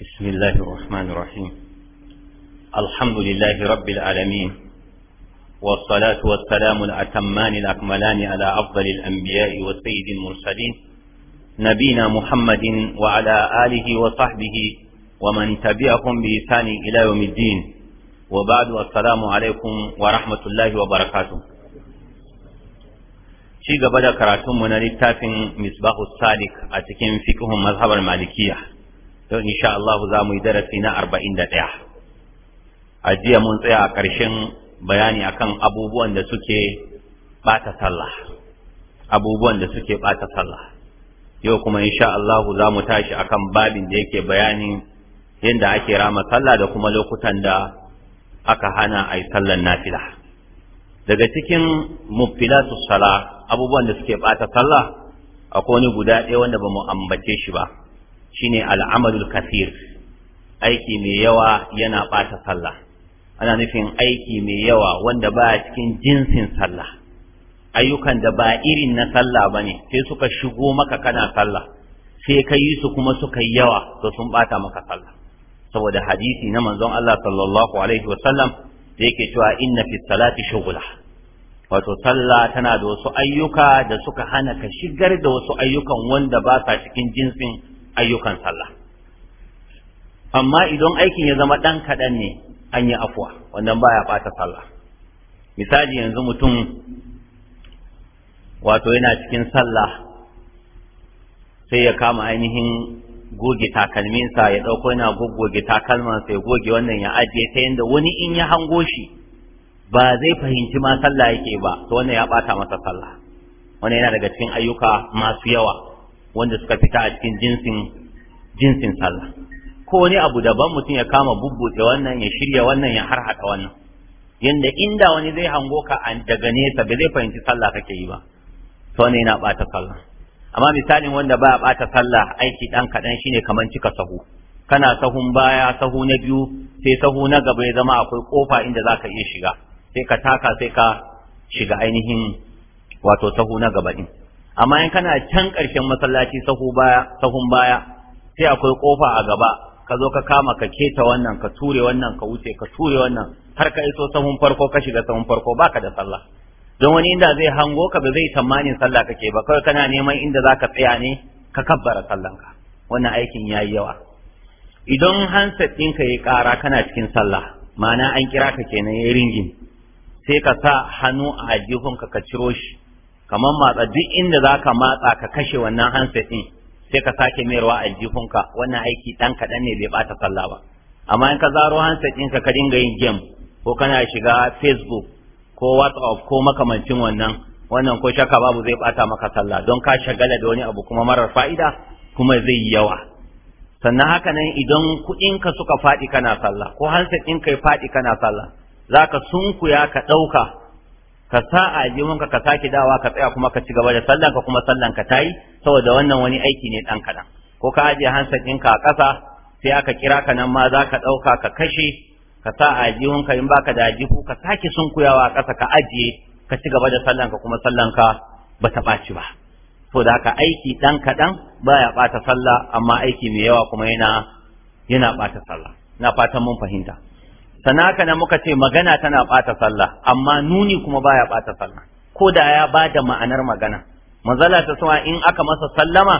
بسم الله الرحمن الرحيم الحمد لله رب العالمين والصلاة والسلام الأتمان الأكملان على أفضل الأنبياء والسيد المرسلين نبينا محمد وعلى آله وصحبه ومن تبعهم بإحسان إلى يوم الدين وبعد السلام عليكم ورحمة الله وبركاته شيء قبل كراتم من للتاف مصباح السالك أتكين فيكهم مذهب المالكية yau insha Allah za mu yi darasi na arba'in 41 a jiya mun tsaya a ƙarshen bayani akan abubuwan da suke ɓata sallah abubuwan da suke ɓata sallah yau kuma insha Allah za mu tashi akan babin da yake bayanin yadda ake rama sallah da kuma lokutan da aka hana a yi sallan nafila daga cikin mubtilatu sala abubuwan da suke ɓata sallah akwai wani guda ɗaya wanda ba mu ambace shi ba shine al'amalul kathir aiki mai yawa yana bata sallah ana nufin aiki mai yawa wanda ba cikin jinsin sallah ayyukan da ba irin na sallah bane sai suka shigo maka kana sallah sai ka yi su kuma suka yi yawa to sun bata maka sallah saboda hadisi na manzon Allah sallallahu alaihi wa sallam da yake cewa inna fi salati shughla wato sallah tana da wasu ayyuka da suka hana ka shigar da wasu ayyukan wanda ba sa cikin jinsin ayyukan sallah amma idan aikin ya zama ɗan kaɗan ne an yi afuwa wannan baya bata sallah misali yanzu mutum wato yana cikin sallah sai ya kama ainihin goge takalminsa ya ɗauko yana goggoge takalmansa ya goge wannan ya ajiye ta yadda wani in ya hango shi ba zai fahimci ma sallah yake ba to wannan ya ɓata masa sallah wannan yana daga cikin ayyuka masu yawa wanda suka fita a cikin jinsin jinsin sallah ko wani abu daban mutum ya kama bubbuce wannan ya shirya wannan ya harhaɗa wannan yanda inda wani zai hango ka daga nesa ba zai fahimci sallah kake yi ba to ne yana ɓata sallah amma misalin wanda ba bata sallah aiki dan kaɗan shine kamar cika sahu kana sahun baya sahu na biyu sai sahu na gaba ya zama akwai kofa inda za ka iya shiga sai ka taka sai ka shiga ainihin wato sahu na gaba din amma in kana can ƙarshen masallaci sahun baya sai akwai kofa a gaba ka zo ka kama ka keta wannan ka ture wannan ka wuce ka ture wannan har ka iso sahun farko ka shiga sahun farko baka da sallah don wani inda zai hango ka ba zai tamanin sallah kake ba kawai kana neman inda zaka ka tsaya ne ka kabbara sallanka wannan aikin yayi yawa idan handset ɗinka ya ƙara kana cikin sallah ma'ana an kira ka kenan ya ringin sai ka sa hannu a aljihunka ka ciro shi kamar matsa duk inda za ka matsa ka kashe wannan handset ɗin sai ka sake mayarwa aljihunka wannan aiki ɗan kaɗan ne bai ɓata sallah ba amma in ka zaro handset ɗinka ka dinga yin game ko kana shiga facebook ko whatsapp ko makamancin wannan wannan ko shaka babu zai ɓata maka sallah don ka shagala da wani abu kuma marar fa'ida kuma zai yi yawa sannan haka nan idan kuɗinka suka faɗi kana sallah ko handset ɗin ya faɗi kana sallah za ka sunkuya ka ɗauka ka sa a jimunka ka sake dawa ka tsaya kuma ka ci gaba da sallan ka kuma sallan ka tayi saboda wannan wani aiki ne dan kadan ko ka ajiye hansa ɗinka a ƙasa sai aka kira ka nan ma za ka ɗauka ka kashe ka sa a jimunka in baka da jihu ka sake sunkuyawa a ƙasa ka ajiye ka ci gaba da sallan ka kuma sallan ka ba ta ɓaci ba to da haka aiki dan kadan baya ɓata sallah amma aiki mai yawa kuma yana yana ɓata sallah na fatan mun fahimta sanaka na muka ce magana tana bata sallah amma nuni kuma baya bata sallah ko da ya bada ma'anar magana manzala ta sama in aka masa sallama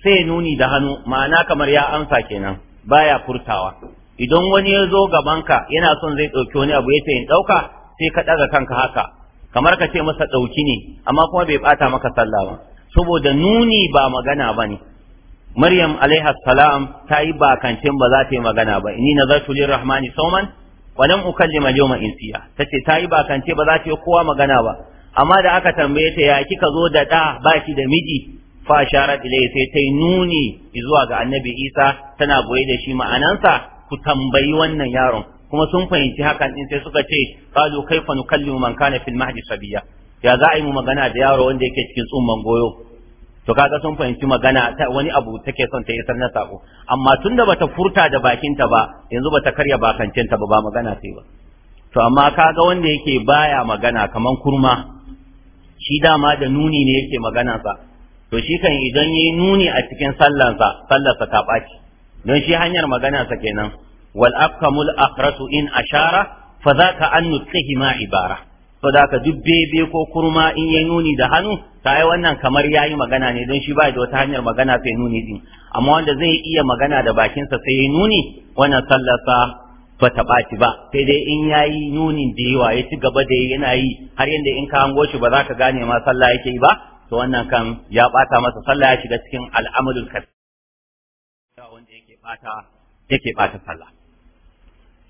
sai nuni da hannu ma'ana kamar ya amsa kenan baya furtawa idan wani ya zo gabanka yana son zai ɗauki wani abu ya ce in ɗauka sai ka ɗaga kanka haka kamar ka ce masa ɗauki ne amma kuma bai bata maka sallah ba saboda nuni ba magana ba ne Maryam alaiha salam ta yi bakancin ba za ta yi magana ba, ni na lirrahmani sauman walam ukallima yawma insiya tace ta yi kance ba za ta yi kowa magana ba amma da aka tambaye ta ya kika zo da da ba ki da miji fa shara ilayhi sai tai nuni zuwa ga annabi Isa tana goye da shi ma'anansa ku tambayi wannan yaron kuma sun fahimci hakan din sai suka ce qalu kaifa nukallimu man kana fil mahdi sabiya ya za a yi magana da yaro wanda yake cikin tsumman goyo to kaga sun fahimci magana ta wani abu take son ta isar na sako amma tun da bata furta da bakinta ba yanzu bata karya bakancinta ba ba magana sai ba to amma kaga wanda yake baya magana kaman kurma shi dama da nuni ne yake magana sa to shi kan idan yayi nuni a cikin sallansa sallarsa ta ɓaci don shi hanyar magana sa kenan wal afkamul akhrasu in ashara fa zaka an nutqihi ma ibara to da ka duk bebe ko kurma in ya nuni da hannu ta yi wannan kamar ya yi magana ne don shi ba da wata hanyar magana sai nuni din amma wanda zai iya magana da bakinsa sai ya nuni wannan sallarsa ba ta ɓaci ba sai dai in ya yi nunin da yawa ya ci gaba da yana yi har yadda in ka hango shi ba za ka gane ma sallah yake yi ba to wannan kan ya ɓata masa sallah ya shiga cikin al'amalul kas wanda yake ɓata yake ɓata sallah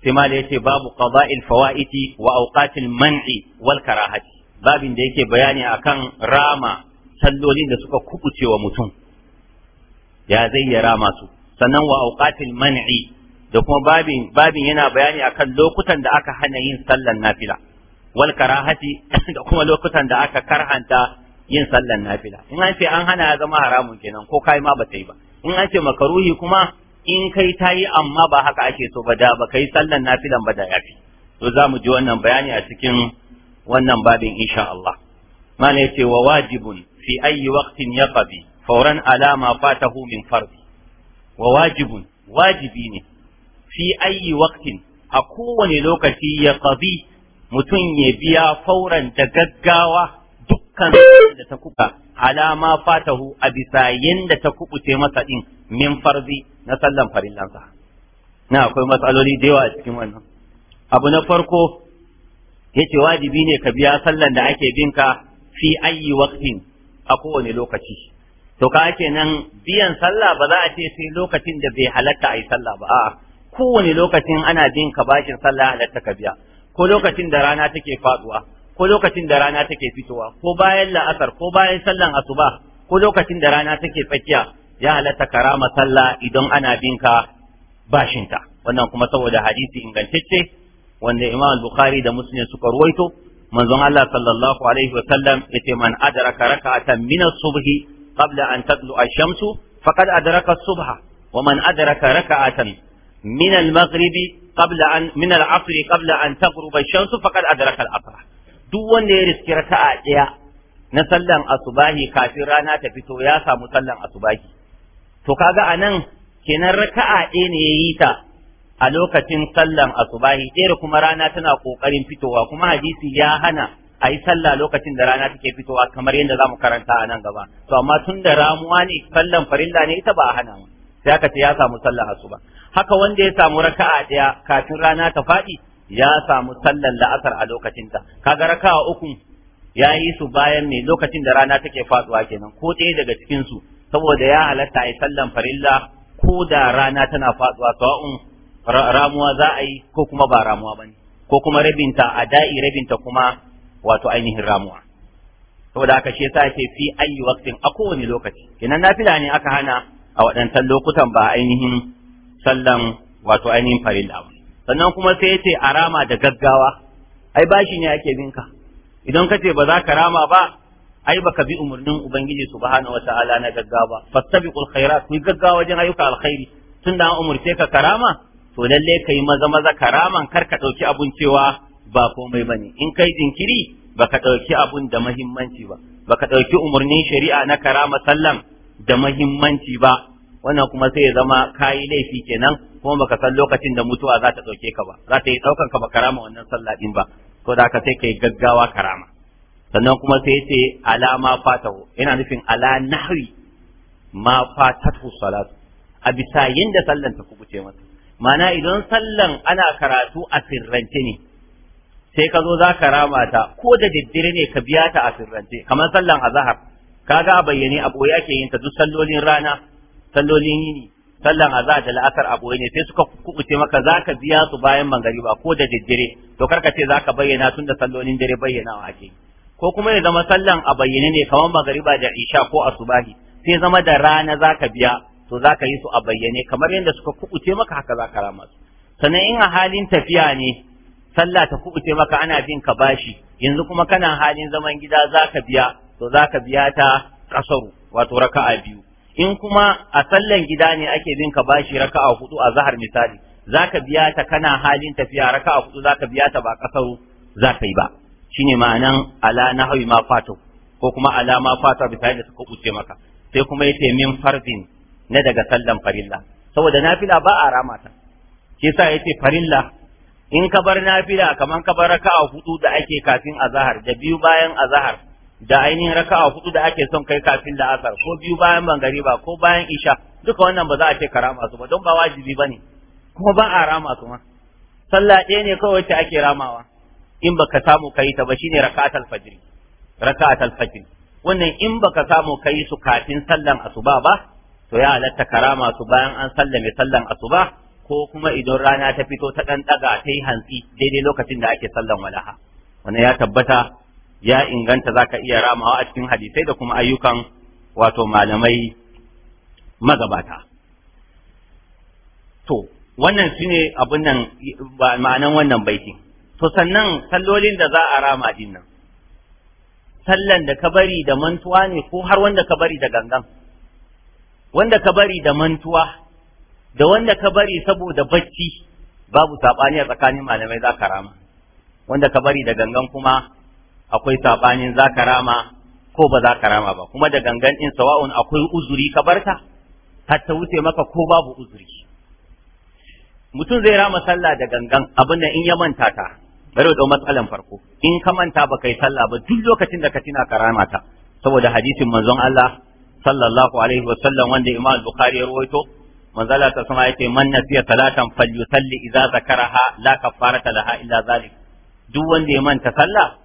sai ma yace babu qada'il fawaiti wa awqatil man'i wal karahati babin da yake bayani akan rama sallolin da suka kubucewa mutum ya zai ya rama su sannan wa awqatil man'i da kuma babin babin yana bayani akan lokutan da aka hana yin sallan nafila wal karahati da kuma lokutan da aka karhanta yin sallan nafila in an ce an hana ya zama haramun kenan ko kai ma ba ta yi ba in an ce makaruhi kuma in kai ta yi amma ba haka ake so ba da ba kai sallan nafilan ba da yafi to za mu ji wannan bayani a cikin wannan babin insha Allah mana yace wa wajibun fi ayi waqtin yaqbi fawran ala ma fatahu min fardi wa wajibun wajibi ne fi ayi waqtin a kowane lokaci ya mutum ya biya fauran da gaggawa kan da ta kuka ma fatahu a bisa yadda ta kubuce masa din min farzi na sallan farillansa na akwai matsaloli da yawa a cikin wannan abu na farko yace wajibi ne ka biya sallan da ake bin ka fi ayi waktin a kowane lokaci to ka ake nan biyan sallah ba za a ce sai lokacin da bai halatta a yi sallah ba a'a kowane lokacin ana bin ka bashin sallah halatta ka biya ko lokacin da rana take faɗuwa. ko lokacin da rana take fitowa ko bayan la'asar ko bayan sallan asuba ko lokacin da rana take tsakiya ya halatta karama sallah idan ana binka bashinta wannan kuma saboda hadisi ingantacce wanda Imam Bukhari da Muslim suka ruwaito manzon Allah sallallahu alaihi wa sallam yace man adraka raka'atan min as-subhi qabla an tadlu ash-shamsu faqad adraka as-subha wa man adraka raka'atan min al-maghribi qabla an min al-'asr qabla an taghrub ash-shamsu faqad adraka al-'asr duk wanda ya riski raka'a ɗaya na sallan asubahi kafin rana ta fito ya samu sallan asubahi to kaga anan kenan raka'a ɗaya ne yayi ta a lokacin sallan asubahi ɗaya kuma rana tana kokarin fitowa kuma hadisi ya hana a yi sallah lokacin da rana take fitowa kamar yadda za mu karanta anan gaba to amma tun da ramuwa ne sallan farilla ne ita ba a hana mu sai aka ce ya samu sallah asuba haka wanda ya samu raka'a ɗaya kafin rana ta faɗi ya samu sallan la'asar a lokacinta kaga rakawa uku ya yi su bayan mai lokacin da rana take faduwa kenan ko ɗaya daga cikin su saboda ya halatta a yi sallan farilla ko da rana tana faduwa sawa'un ramuwa za a yi ko kuma ba ramuwa bane ko kuma rabinta a da'i rabinta kuma wato ainihin ramuwa saboda aka shi yasa ce fi ayi waqtin a kowane lokaci kenan nafila ne aka hana a waɗansan lokutan ba ainihin sallan wato ainihin farilla ba sannan kuma sai yace a rama da gaggawa ai bashi ne ake binka idan ka ce ba za ka rama ba ai baka bi umarnin ubangiji subhanahu wataala na gaggawa fastabiqul khairat ku gaggawa wajen ayyuka alkhairi tunda an umurce ka karama to lalle kai maza maza karaman kar ka dauki abun cewa ba komai bane in kai jinkiri baka dauki abun da muhimmanci ba baka dauki umurnin shari'a na karama sallam da mahimmanci ba wannan kuma sai ya zama kayi laifi kenan kuma baka san lokacin da mutuwa za ta dauke ka ba za ta yi daukan ka ba karama wannan sallah din ba ko da ka sai kai gaggawa karama sannan kuma sai ce ala ma fatahu yana nufin ala nahri ma fatatu salatu a bisa yanda sallan ta kubuce masa mana idan sallan ana karatu a sirrance ne sai ka zo za ka rama ta ko da diddire ne ka biya ta a sirrance kamar sallan azhar kaga a bayyane a boye ake yin ta duk sallolin rana sallolin yini sallan azhar da la'asar a ne sai suka kubuce maka zaka biya su bayan magariba ko da daddare to karka ce zaka bayyana tun da sallolin dare bayyana ake ko kuma ya zama sallan a bayyane ne kamar magariba da isha ko asubahi sai zama da rana zaka biya to zaka yi su a bayyane kamar yadda suka kubuce maka haka zaka rama su sannan in a halin tafiya ne sallah ta kubuce maka ana bin ka bashi yanzu kuma kana halin zaman gida zaka biya to zaka biya ta kasaru wato raka'a biyu in kuma a sallan gida ne ake bin ka bashi raka'a hudu a zahar misali zaka biya ta kana halin tafiya raka'a hudu zaka biya ta ba kasaru zaka yi ba shine ma'anan ala nahwi ma fatu ko kuma ala ma fata misali da suka kuce maka sai kuma yace min fardin na daga sallan farilla saboda nafila ba a rama ta shi yasa yace farilla in ka bar nafila kamar ka bar raka'a hudu da ake kafin azhar da biyu bayan azhar da ainihin raka'a hudu da ake son kai kafin da asar ko biyu bayan mangariba ko bayan isha duka wannan ba za a ce karama su ba don ba wajibi bane kuma ba a rama su ma sallah ɗaya ne kawai wacce ake ramawa in baka samu kai ta ba shine raka'atul fajr raka'atul fajr wannan in baka samu kai su kafin sallan asuba ba to ya halatta karama su bayan an sallame sallan asuba ko kuma idan rana ta fito ta ɗan ɗaga ta yi hantsi daidai lokacin da ake sallan walaha wannan ya tabbata ya inganta zaka iya ramawa a cikin hadisai da kuma ayyukan wato malamai magabata to wannan ne abin nan ma'anan wannan baitin to sannan sallolin da za a rama din nan sallan da ka bari da mantuwa ne ko har wanda ka bari da gangan wanda ka bari da mantuwa da wanda ka bari saboda bacci babu saɓani a tsakanin malamai za ka rama wanda ka bari da gangan kuma akwai sabanin za ka rama ko ba za ka rama ba kuma da gangan in sawa'un akwai uzuri ka barta, hatta wuce maka ko babu uzuri mutum zai rama sallah da gangan abin da in ya manta ta bari da matsalan farko in ka manta ba kai sallah ba duk lokacin da ka tina ka rama ta saboda hadisin manzon Allah sallallahu alaihi wa sallam wanda Imam Bukhari ya rawaito manzon Allah ta sama yace man nasiya salatan falyusalli idza zakaraha la kafarata laha illa zalik duk wanda ya manta sallah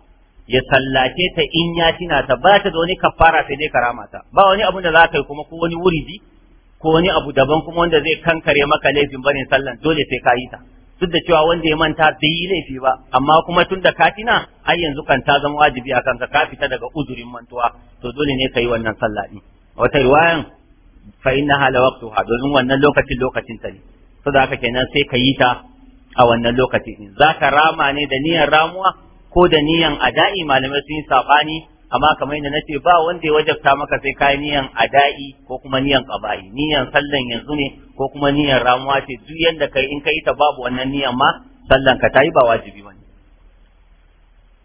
ya sallace ta in ya tina ta ba ta da wani kafara sai dai karama ta ba wani abu da za ka yi kuma ko wani wuridi ko wani abu daban kuma wanda zai kankare maka laifin barin sallan dole sai ka yi ta duk da cewa wanda ya manta bai yi laifi ba amma kuma tun da ka tina ai yanzu kan ta zama wajibi a kanka ka fita daga uzurin mantuwa to dole ne ka yi wannan sallah din wata riwayan fa innaha la waqtuha domin wannan lokacin lokacin ta ne saboda haka kenan sai ka yi ta a wannan lokacin, din zaka rama ne da niyyar ramuwa ko da niyan ada'i malamai sun yi sabani amma kamar yadda nace ba wanda ya wajabta maka sai kai niyan ada'i ko kuma niyan qaba'i niyan sallan yanzu ne ko kuma niyan ramuwa ce duk yanda kai in kai ta babu wannan niyan ma sallan ka tayi ba wajibi bane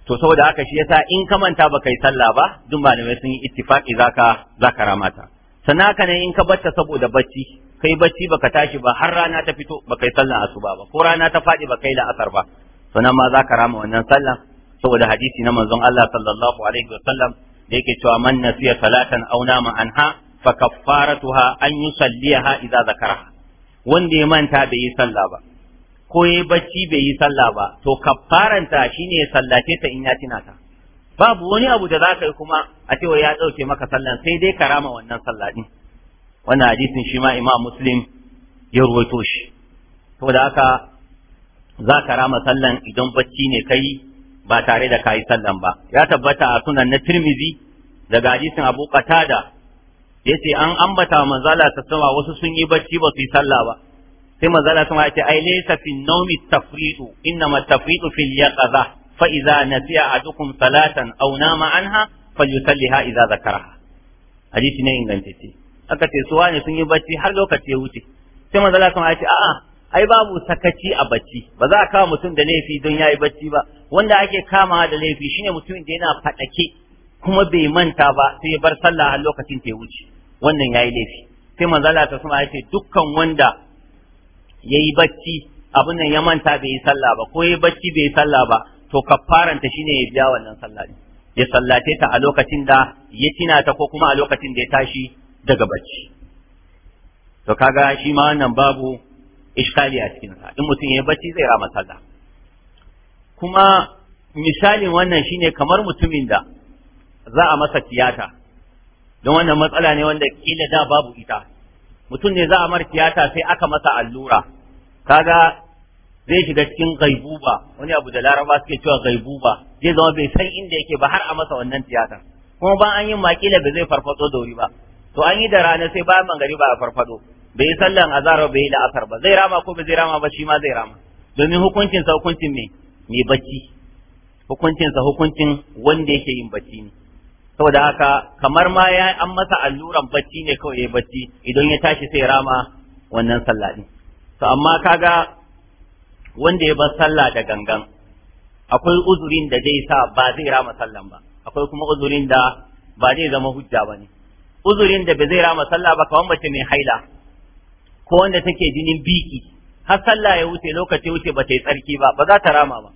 to saboda haka shi yasa in ka manta ba kai sallah ba duk malamai sun yi ittifaqi zaka zaka ramata sannan haka ne in ka batta saboda bacci kai bacci baka tashi ba har rana ta fito baka yi sallan asuba ba ko rana ta faɗi baka yi la'asar ba sannan ma zaka rama wannan sallah saboda hadisi na manzon Allah sallallahu alaihi wasallam da yake cewa man nasiya salatan aw nama anha fa kaffaratuha an yusalliha idza zakara wanda ya manta bai yi sallah ba ko ya bacci bai yi sallah ba to kaffaranta shine ya sallace ta in ya tina ta babu wani abu da zaka yi kuma a cewa ya dauke maka sallan sai dai karama wannan sallah din wannan hadisin shi ma Imam Muslim ya ruwaito shi saboda haka za ka rama sallan idan bacci ne kai ba tare da kayi sallan ba ya tabbata a sunan na tirmizi daga hadisin abu qatada yace an ambata manzala ta sama wasu sun yi bacci ba su yi sallah ba sai manzala sama yace ai laysa fi nawmi tafridu innama tafridu fil yaqaza fa idza nasiya adukum salatan aw nama anha falyusalliha idza zakaraha hadisi ne ingantacce aka ce suwa ne sun yi bacci har lokaci ya wuce sai manzala sama yace a'a ai babu sakaci a bacci ba za a kama mutum da laifi don ya yi bacci ba wanda ake kama da laifi shine mutumin da yana faɗake kuma bai manta ba sai ya bar sallah a lokacin ta wuce wannan ya yi laifi sai manzala ta suna yace dukkan wanda ya yi bacci abin nan ya manta bai yi sallah ba ko ya yi bacci bai yi sallah ba to shi shine ya biya wannan sallah ya sallace ta a lokacin da ya tina ta ko kuma a lokacin da ya tashi daga bacci to kaga shi ma wannan babu iskali a cikin sa in mutum ya bacci zai rama sallah kuma misalin wannan shine kamar mutumin da za a masa tiyata don wannan matsala ne wanda kila da babu ita mutum ne za a mar tiyata sai aka masa allura kaga zai shiga cikin gaibuba wani abu da laraba suke cewa gaibuba zai zama bai san inda yake ba har a masa wannan tiyata kuma ba an yi makila ba zai farfado da wuri ba to an yi da rana sai bayan mangari ba a farfado bai yi sallan azhar bai yi la'asar ba zai rama ko bai zai rama ba shi ma zai rama domin hukuncin hukuncin me me bacci hukuncin sa hukuncin wanda yake yin bacci ne saboda haka kamar ma ya an masa alluran bacci ne kawai ya bacci idan ya tashi sai rama wannan sallah din to amma kaga wanda ya bar sallah da gangan akwai uzurin da zai sa ba zai rama sallan ba akwai kuma uzurin da ba zai zama hujja ba ne uzurin da ba zai rama sallah ba kamar mace mai haila ko wanda take jinin biki har sallah ya wuce lokaci wuce ba ta yi tsarki ba ba za ta rama ba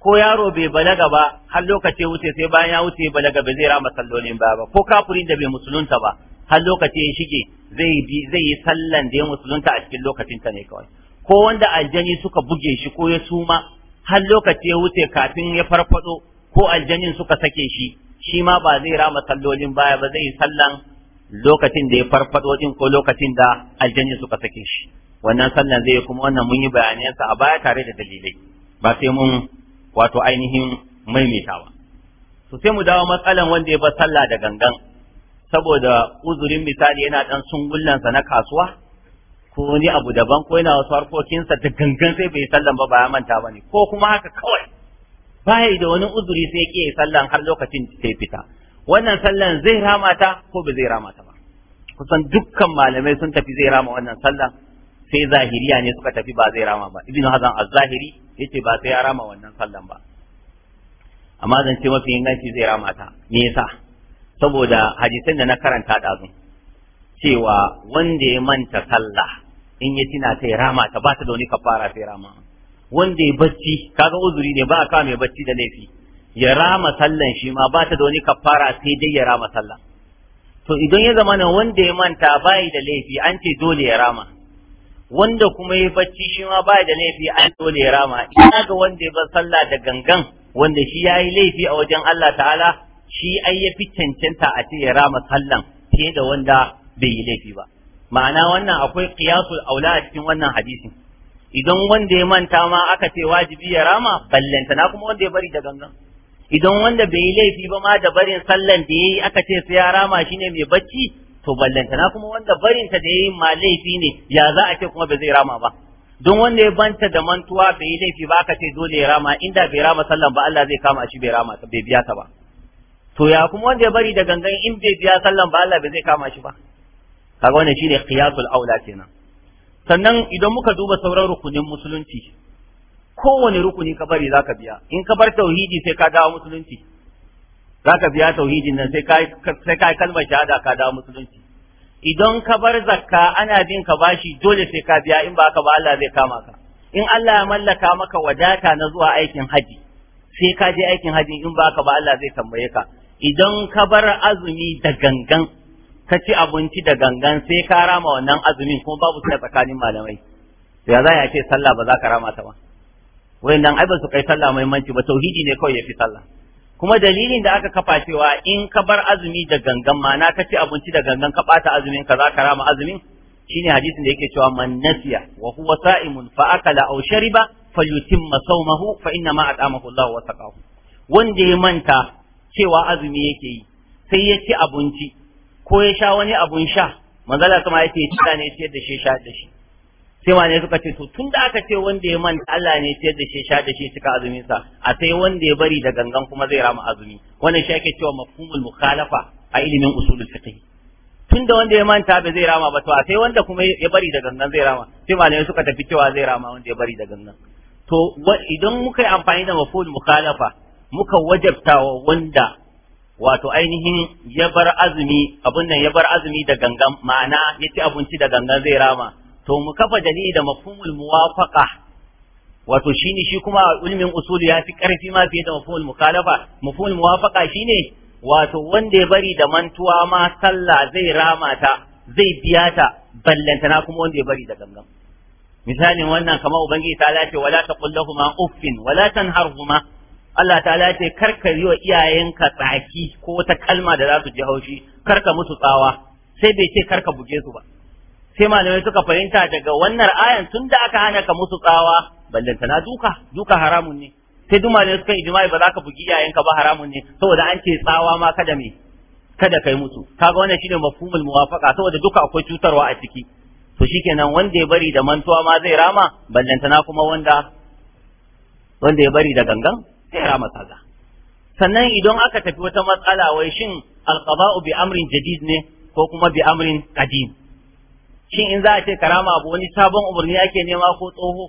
ko yaro bai balaga ba har lokaci wuce sai bayan ya wuce balaga ba zai rama sallolin ba ba ko kafirin da bai musulunta ba har lokaci ya shige zai zai yi sallan da ya musulunta a cikin lokacin ta ne kawai ko wanda aljani suka buge shi ko ya suma har lokaci ya wuce kafin ya farfado ko aljanin suka sake shi shi ma ba zai rama sallolin baya ba zai yi sallan lokacin da ya farfado din ko lokacin da aljanni suka sake shi wannan sallan zai kuma wannan mun yi bayanansa a baya tare da dalilai ba sai mun wato ainihin maimaitawa to sai mu dawo matsalan wanda ya bar sallah da gangan saboda uzurin misali yana dan sungullansa na kasuwa ko ni abu daban ko yana wasu harkokinsa da gangan sai bai sallan ba ba ya manta ne ko kuma haka kawai ba da wani uzuri sai ya sallan har lokacin da ya fita wannan sallan zai rama ta ko ba zai rama ta ba kusan dukkan malamai sun tafi zai rama wannan sallan sai zahiriya ne suka tafi ba zai rama ba ibnu hazan az-zahiri yace ba sai ya rama wannan sallan ba amma zan ce mafi inganci zai rama ta me yasa saboda hadisan da na karanta dazu cewa wanda ya manta sallah in ya tina sai rama ta ba ta da wani kafara sai rama wanda ya bacci kaga uzuri ne ba ka mai bacci da laifi ya rama sallan shi ma ba ta da wani kafara sai dai ya rama sallan to idan ya zama na wanda ya manta bai da laifi an ce dole ya rama wanda kuma ya bacci shi ma bai da laifi an dole ya rama ina ga wanda ya bar sallah da gangan wanda shi ya yi laifi a wajen Allah ta'ala shi ai ya fi cancanta a ce ya rama sallan fiye da wanda bai yi laifi ba ma'ana wannan akwai qiyasul aula a cikin wannan hadisin idan wanda ya manta ma aka ce wajibi ya rama ballanta na kuma wanda ya bari da gangan idan wanda bai yi laifi ba ma da barin sallan da ya yi aka ce sai ya rama shi ne mai bacci to Na kuma wanda barin ta da yi ma laifi ne ya za a ce kuma bai zai rama ba don wanda ya banta da mantuwa bai yi laifi ba aka ce dole ya rama inda bai rama sallan ba Allah zai kama shi bai rama ta bai biya ta ba to ya kuma wanda ya bari da gangan in bai biya sallan ba Allah bai zai kama shi ba kaga wannan shine qiyasul aula kenan sannan idan muka duba sauran rukunin musulunci kowane rukuni ka bari ka biya in ka bar tauhidi sai ka dawo musulunci za ka biya tauhidin nan sai ka yi kalmar shahada ka dawo musulunci idan ka bar zakka ana bin ka bashi dole sai ka biya in ba ka ba Allah zai kama ka in Allah ya mallaka maka wadata na zuwa aikin haji sai ka je aikin haji in ba ka ba Allah zai tambaye ka idan ka bar azumi da gangan ka ci abinci da gangan sai ka rama wannan azumin kuma babu suna tsakanin malamai ya za a ce sallah ba za ka rama ta ba wayannan ai ba su kai sallah muhimmanci ba tauhidi ne kawai yafi sallah kuma dalilin da aka kafa cewa in ka bar azumi da gangan mana ka ci abinci da gangan ka bata azumin ka za ka rama azumin shine hadisin da yake cewa man nasiya wa huwa sa'imun fa akala aw shariba falyutimma sawmahu fa inna ma at'amahu Allah wa saqahu wanda ya manta cewa azumi yake yi sai ya ci abinci ko ya sha wani abun sha manzala kuma yake ci ne ciyar da shi sha da shi sai ma ne suka ce to tun da aka ce wanda ya manta Allah ne ce da shi sha da shi cika azuminsa a sai wanda ya bari da gangan kuma zai rama azumi wannan shi ake cewa mafhumul mukhalafa a ilimin usulul fiqh tun da wanda ya manta ba zai rama ba to a sai wanda kuma ya bari da gangan zai rama sai ma ne suka tafi cewa zai rama wanda ya bari da gangan to idan muka yi amfani da mafhumul mukhalafa muka wajabtawa wanda wato ainihin ya bar azumi abun nan ya bar azumi da gangan ma'ana ya ci abinci da gangan zai rama to mu kafa dalili da mafhumul muwafaqa wato shine shi kuma ilmin usul ya fi karfi ma fiye da mafhumul mukhalafa mafhumul muwafaqa shine wato wanda ya bari da mantuwa ma sallah zai rama ta zai biya ta na kuma wanda ya bari da gangan misalin wannan kamar ubangiji ta lace wala taqul lahumu uffin wala tanharhuma Allah ta lace karka yi wa iyayenka tsaki ko wata kalma da za su ji haushi karka musu tsawa sai bai ce karka buge su ba sai malamai suka fahimta daga wannan ayan tun da aka hana ka musu tsawa ballanta na duka duka haramun ne sai duk malamai suka ijma'i ba za ka bugi iyayenka ba haramun ne saboda an ce tsawa ma kada me kada kai musu kaga wannan shine mafhumul muwafaqa saboda duka akwai cutarwa a ciki to shikenan wanda ya bari da mantuwa ma zai rama ballanta na kuma wanda wanda ya bari da gangan sai rama kaza sannan idan aka tafi wata matsala wai shin alqaba'u bi amrin jadid ne ko kuma bi amrin qadim shin in za a ce karama abu wani sabon umarni ake nema ko tsoho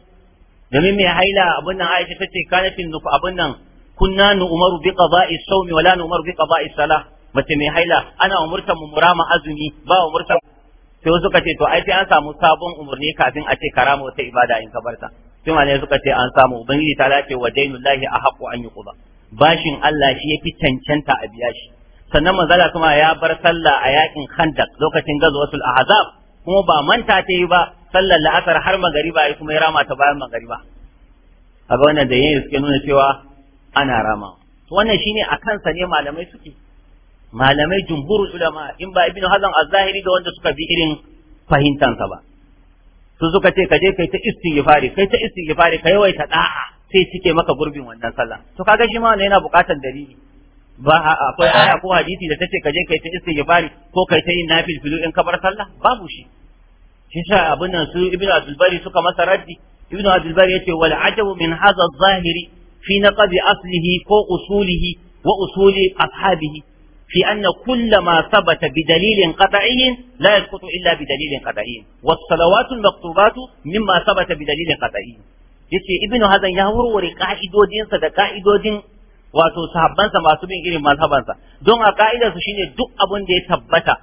domin mai haila abin nan Aisha tace kanatin nuku abin nan kunna nu umaru bi qada'i sawmi wala nu umaru bi qada'i salah mace mai haila ana umurtan mu murama azumi ba umurtan sai wasu suka ce to ai sai an samu sabon umarni kafin a ce karama wata ibada in ka kabarta sai ne suka ce an samu ubangiji ta lace wa dainullahi ahqqu an yuqda bashin Allah shi yafi cancanta a biya shi sannan manzala kuma ya bar sallah a yakin khandaq lokacin gazwatul ahzab kuma ba manta ta yi ba sallar la'asar har magariba ya kuma ya rama ta bayan magariba ga wannan da suke nuna cewa ana rama to wannan shine a kansa ne malamai suke malamai jumhurul ulama in ba ibnu hazan a zahiri da wanda suka bi irin fahimtansa ba su suka ce ka je kai ta istighfari kai ta istighfari ka yawaita da'a sai cike maka gurbin wannan sallah to kaga shi ma yana buƙatar dalili ba akwai aya ko hadisi da tace kaje kai ta istighfari ko kai ta yin nafil filu in kabar sallah babu shi shi sa abin nan su ibnu abdul suka masa raddi ibnu abdul bari yace wal ajabu min hadha adh-dhahiri fi naqd aslihi ko usulihi wa usuli ashabihi fi anna kulla ma thabata bi dalilin qat'iyyin la yasqutu illa bi dalilin qat'iyyin was salawatu al-maktubatu mimma thabata bi dalilin qat'iyyin yace ibnu hazan ya wurware ka'idodinsa da ka'idodin wato sahabbansa masu bin irin mazhabansa don a ka'idarsu shine duk abin da ya tabbata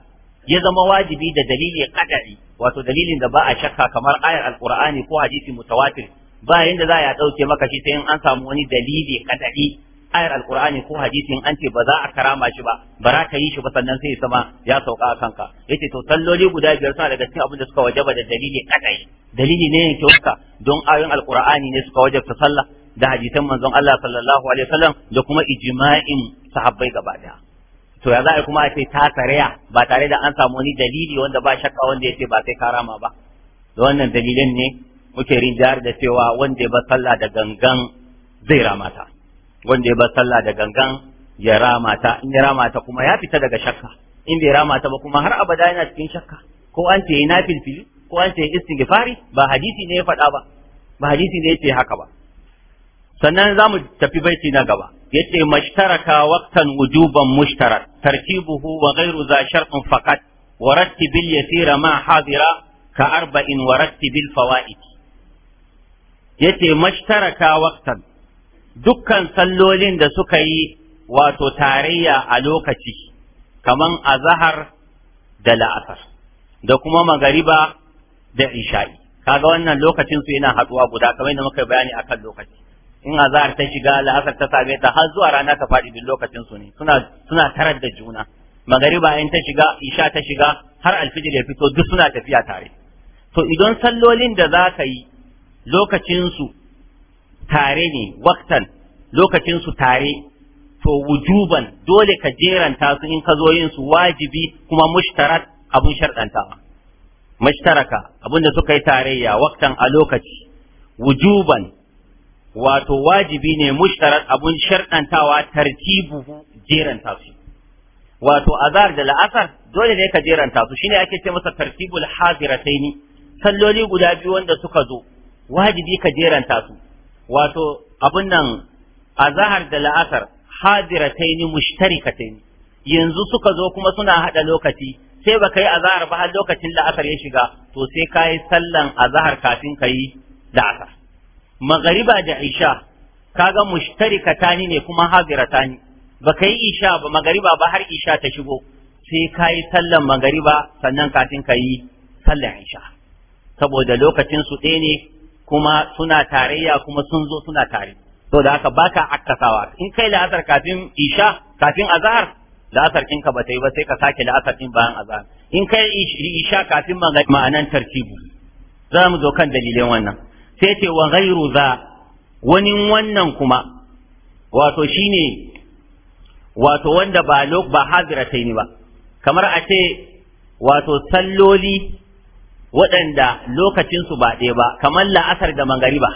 ya zama wajibi da dalili kadari wato dalilin da ba a shakka kamar ayar alqur'ani ko hadisi mutawatir ba yanda za a dauke maka shi sai in an samu wani dalili kadari ayar alqur'ani ko hadisin an ce ba za a karama shi ba ba ka yi shi ba sannan sai sama ya sauka a kanka yace to salloli guda biyar suna daga cikin abin da suka wajaba da dalili kadai dalili ne ya wuka don ayoyin alqur'ani ne suka wajabta sallah da hadisan manzon Allah sallallahu alaihi wasallam da kuma ijma'in sahabbai gaba daya to ya za a kuma a ce ta tsaraya ba tare da an samu wani dalili wanda ba shakka wanda ya ce ba sai karama ba da wannan dalilin ne muke rinjayar da cewa wanda ya sallah da gangan zai ramata wanda ya sallah da gangan ya ramata in ya ramata kuma ya fita daga shakka in bai ramata ba kuma har abada yana cikin shakka ko an ce na filfili ko an ce istighfari ba hadisi ne ya faɗa ba ba hadisi ne ya ce haka ba sannan za mu tafi baiti na gaba yace mashtaraka waqtan wujuban mushtarak tartibuhu wa ghayru za shartun faqat wa al yasira ma hadira ka arba'in wa al fawaid yace mashtaraka waqtan dukkan sallolin da suka yi wato tarayya a lokaci kaman azhar da la'asar da kuma magariba da isha'i kaga wannan lokacin su yana haduwa guda kamar yadda muka bayani akan lokaci in azahar ta shiga la'asar ta same ta har zuwa rana ta faɗi bin lokacin su ne suna suna tarar da juna magariba in ta shiga isha ta shiga har alfijir ya fito duk suna tafiya tare to idan sallolin da za ka yi lokacin su tare ne waktan lokacin su tare to wujuban dole ka jeranta su in ka zo yin su wajibi kuma mushtarak abun sharɗanta, mushtaraka abun da suka yi tarayya waktan a lokaci wujuban wato wajibi ne mushtarar abun sharɗantawa tartibu jeranta su wato azar da la'asar dole ne ka jeranta su shine ake ce masa tartibul hadirataini salloli guda biyu wanda suka zo wajibi ka jeranta su wato abun nan azhar da la'asar hadirataini mushtarikataini yanzu suka zo kuma suna hada lokaci sai baka yi azhar ba har lokacin la'asar ya shiga to sai kai sallan azhar kafin kai la'asar magariba da isha kaga Tani ne kuma tani baka yi isha ba magariba ba har isha ta shigo sai kai sallan magariba sannan kafin ka yi sallan isha saboda lokacin su ɗaya ne kuma suna tarayya kuma sun zo suna tare to da haka baka akkasawa in kai la'asar kafin isha kafin azhar la'asar kinka ba ta yi ba sai ka sake la'asar din bayan azhar in kai isha kafin magariba ma'anan tartibu za mu zo kan dalilan wannan sai ce wa za wani wannan kuma wato shine wato wanda ba lok ba hadirataini ba kamar a ce wato salloli waɗanda lokacinsu ba ɗaya ba kamar la'asar da mangariba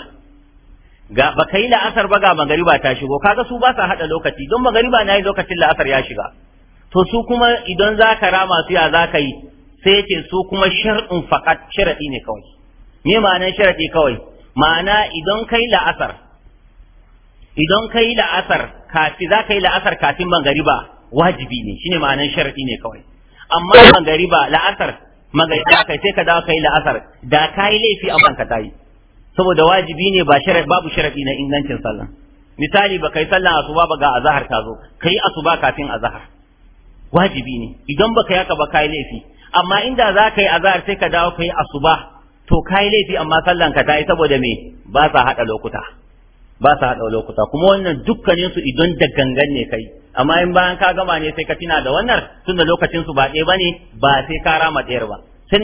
ga ba yi la'asar ba ga mangariba ta shigo kaga su ba sa haɗa lokaci don mangariba na yi lokacin la'asar ya shiga to su kuma idan za ka rama su ya za ka yi sai ce su kuma shar'in faƙat sharaɗi ne kawai me ma'anar sharaɗi kawai ma'ana idan kai la'asar idan kai la'asar kafi za ka yi la'asar kafin mangariba wajibi ne shine ma'anan sharadi ne kawai amma eh. mangariba la'asar magariba kai sai ka dawo kai la'asar da ka yi laifi amma banka tayi saboda wajibi ne ba sharadi babu sharadi na ingancin sallah misali ba kai sallah asuba ba ga azhar ka zo kai asuba kafin azhar wajibi ne idan baka yaka ba kai laifi amma inda za ka yi azhar sai ka dawo kai asuba to kai laifi amma sallan ka tayi saboda me ba sa hada lokuta ba sa hada lokuta kuma wannan dukkanin su idan da gangan ne kai amma in bayan ka gama ne sai ka tina da wannan tunda lokacin su ba ɗaya bane ba sai ka rama ɗayar ba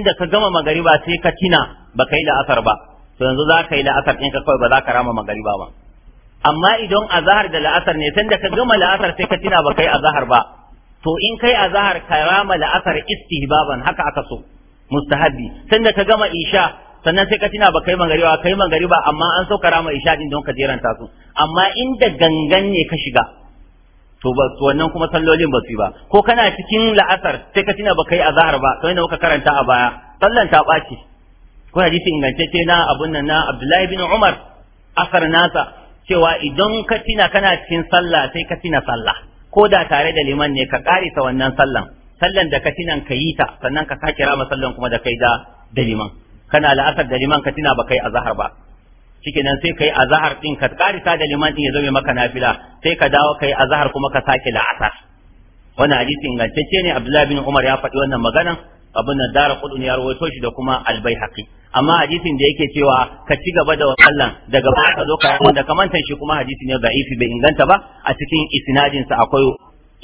da ka gama magariba sai ka tina ba kai da asar ba to yanzu za ka yi la'asar in ka kawai ba za ka rama magariba ba amma idan azahar da la'asar ne tunda ka gama la'asar sai ka tina ba kai azahar ba to in kai azahar ka rama la'asar istihbaban haka aka so mustahabi sanda ka gama isha sannan sai ka tuna ba kai mangariba kai mangariba amma an saukara rama isha din don ka jeranta su amma inda gangan ne ka shiga to ba wannan kuma sallolin ba su ba ko kana cikin la'asar sai ka tuna ba kai azhar ba kamar yadda muka karanta a baya sallan ta baci ko hadisi ingantacce na abun nan na Abdullahi bin Umar asar nasa cewa idan ka tuna kana cikin sallah sai ka tuna sallah ko da tare da liman ne ka karisa wannan sallan sallan da ka tinan ka yi ta sannan ka sake rama sallan kuma da kai da daliman kana la'asar da liman ka tina ba kai azhar ba shikenan sai kai azhar din ka karisa da liman din ya zama maka nafila sai ka dawo kai azhar kuma ka sake la'asar wannan hadisi ingantacce ne Abdullahi bin Umar ya faɗi wannan maganan abin da dara kudin ya rawaito shi da kuma albaihaqi amma hadisin da yake cewa ka ci gaba da wasallan daga ba ka zo ka wanda shi kuma hadisi ne da'ifi bai inganta ba a cikin isnadin sa akwai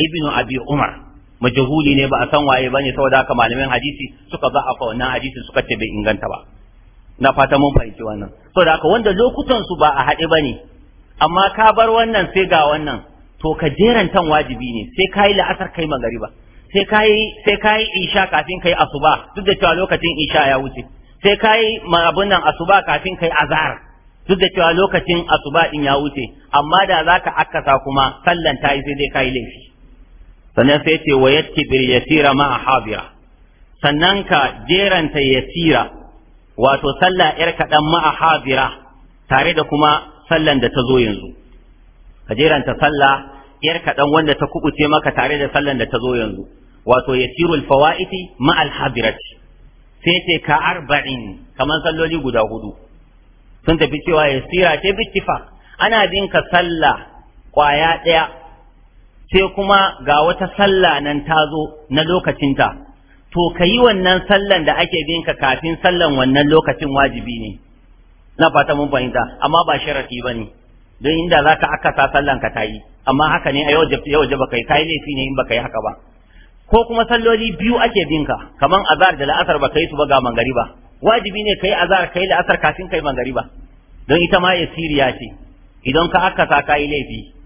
ibnu abi umar majhuli ne ba a san waye bane saboda haka malamin hadisi suka a wannan hadisi suka ce bai inganta ba na fata mun fahimci wannan saboda haka wanda lokutan su ba a haɗe bane amma ka bar wannan sai ga wannan to ka jerantan wajibi ne sai kai la'asar kai magariba sai kai sai kai isha kafin kai asuba duk da cewa lokacin isha ya wuce sai kai abun nan asuba kafin kai azhar duk da cewa lokacin asuba din ya wuce amma da zaka akasa kuma sallan ta yi sai dai kai laifi sannan sai ce wa yasira ma habira sannan ka jeranta yasira wato sallah yar kaɗan ma habira tare da kuma sallan da ta zo yanzu ka jeranta sallah yar kaɗan wanda ta kubuce maka tare da sallan da ta zo yanzu wato yasirul fawaiti ma alhabirati sai ce ka arba'in kamar salloli guda hudu sun tafi cewa yasira ce bittifaq ana bin ka sallah kwaya ɗaya sai kuma ga wata sallah nan ta zo na lokacinta to ka yi wannan sallan da ake bin ka kafin sallan wannan lokacin wajibi ne na fata mun fahimta amma ba sharafi ba ne don inda za ka akasa sallan ka ta yi amma haka ne a yau jaba kai ka yi laifi ne in ba ka yi haka ba ko kuma salloli biyu ake bin ka kaman azar da la'asar ba ka yi su ba ga mangariba wajibi ne ka yi azar ka yi la'asar kafin ka yi mangariba don ita ma ya siriya ce idan ka akasa ka yi laifi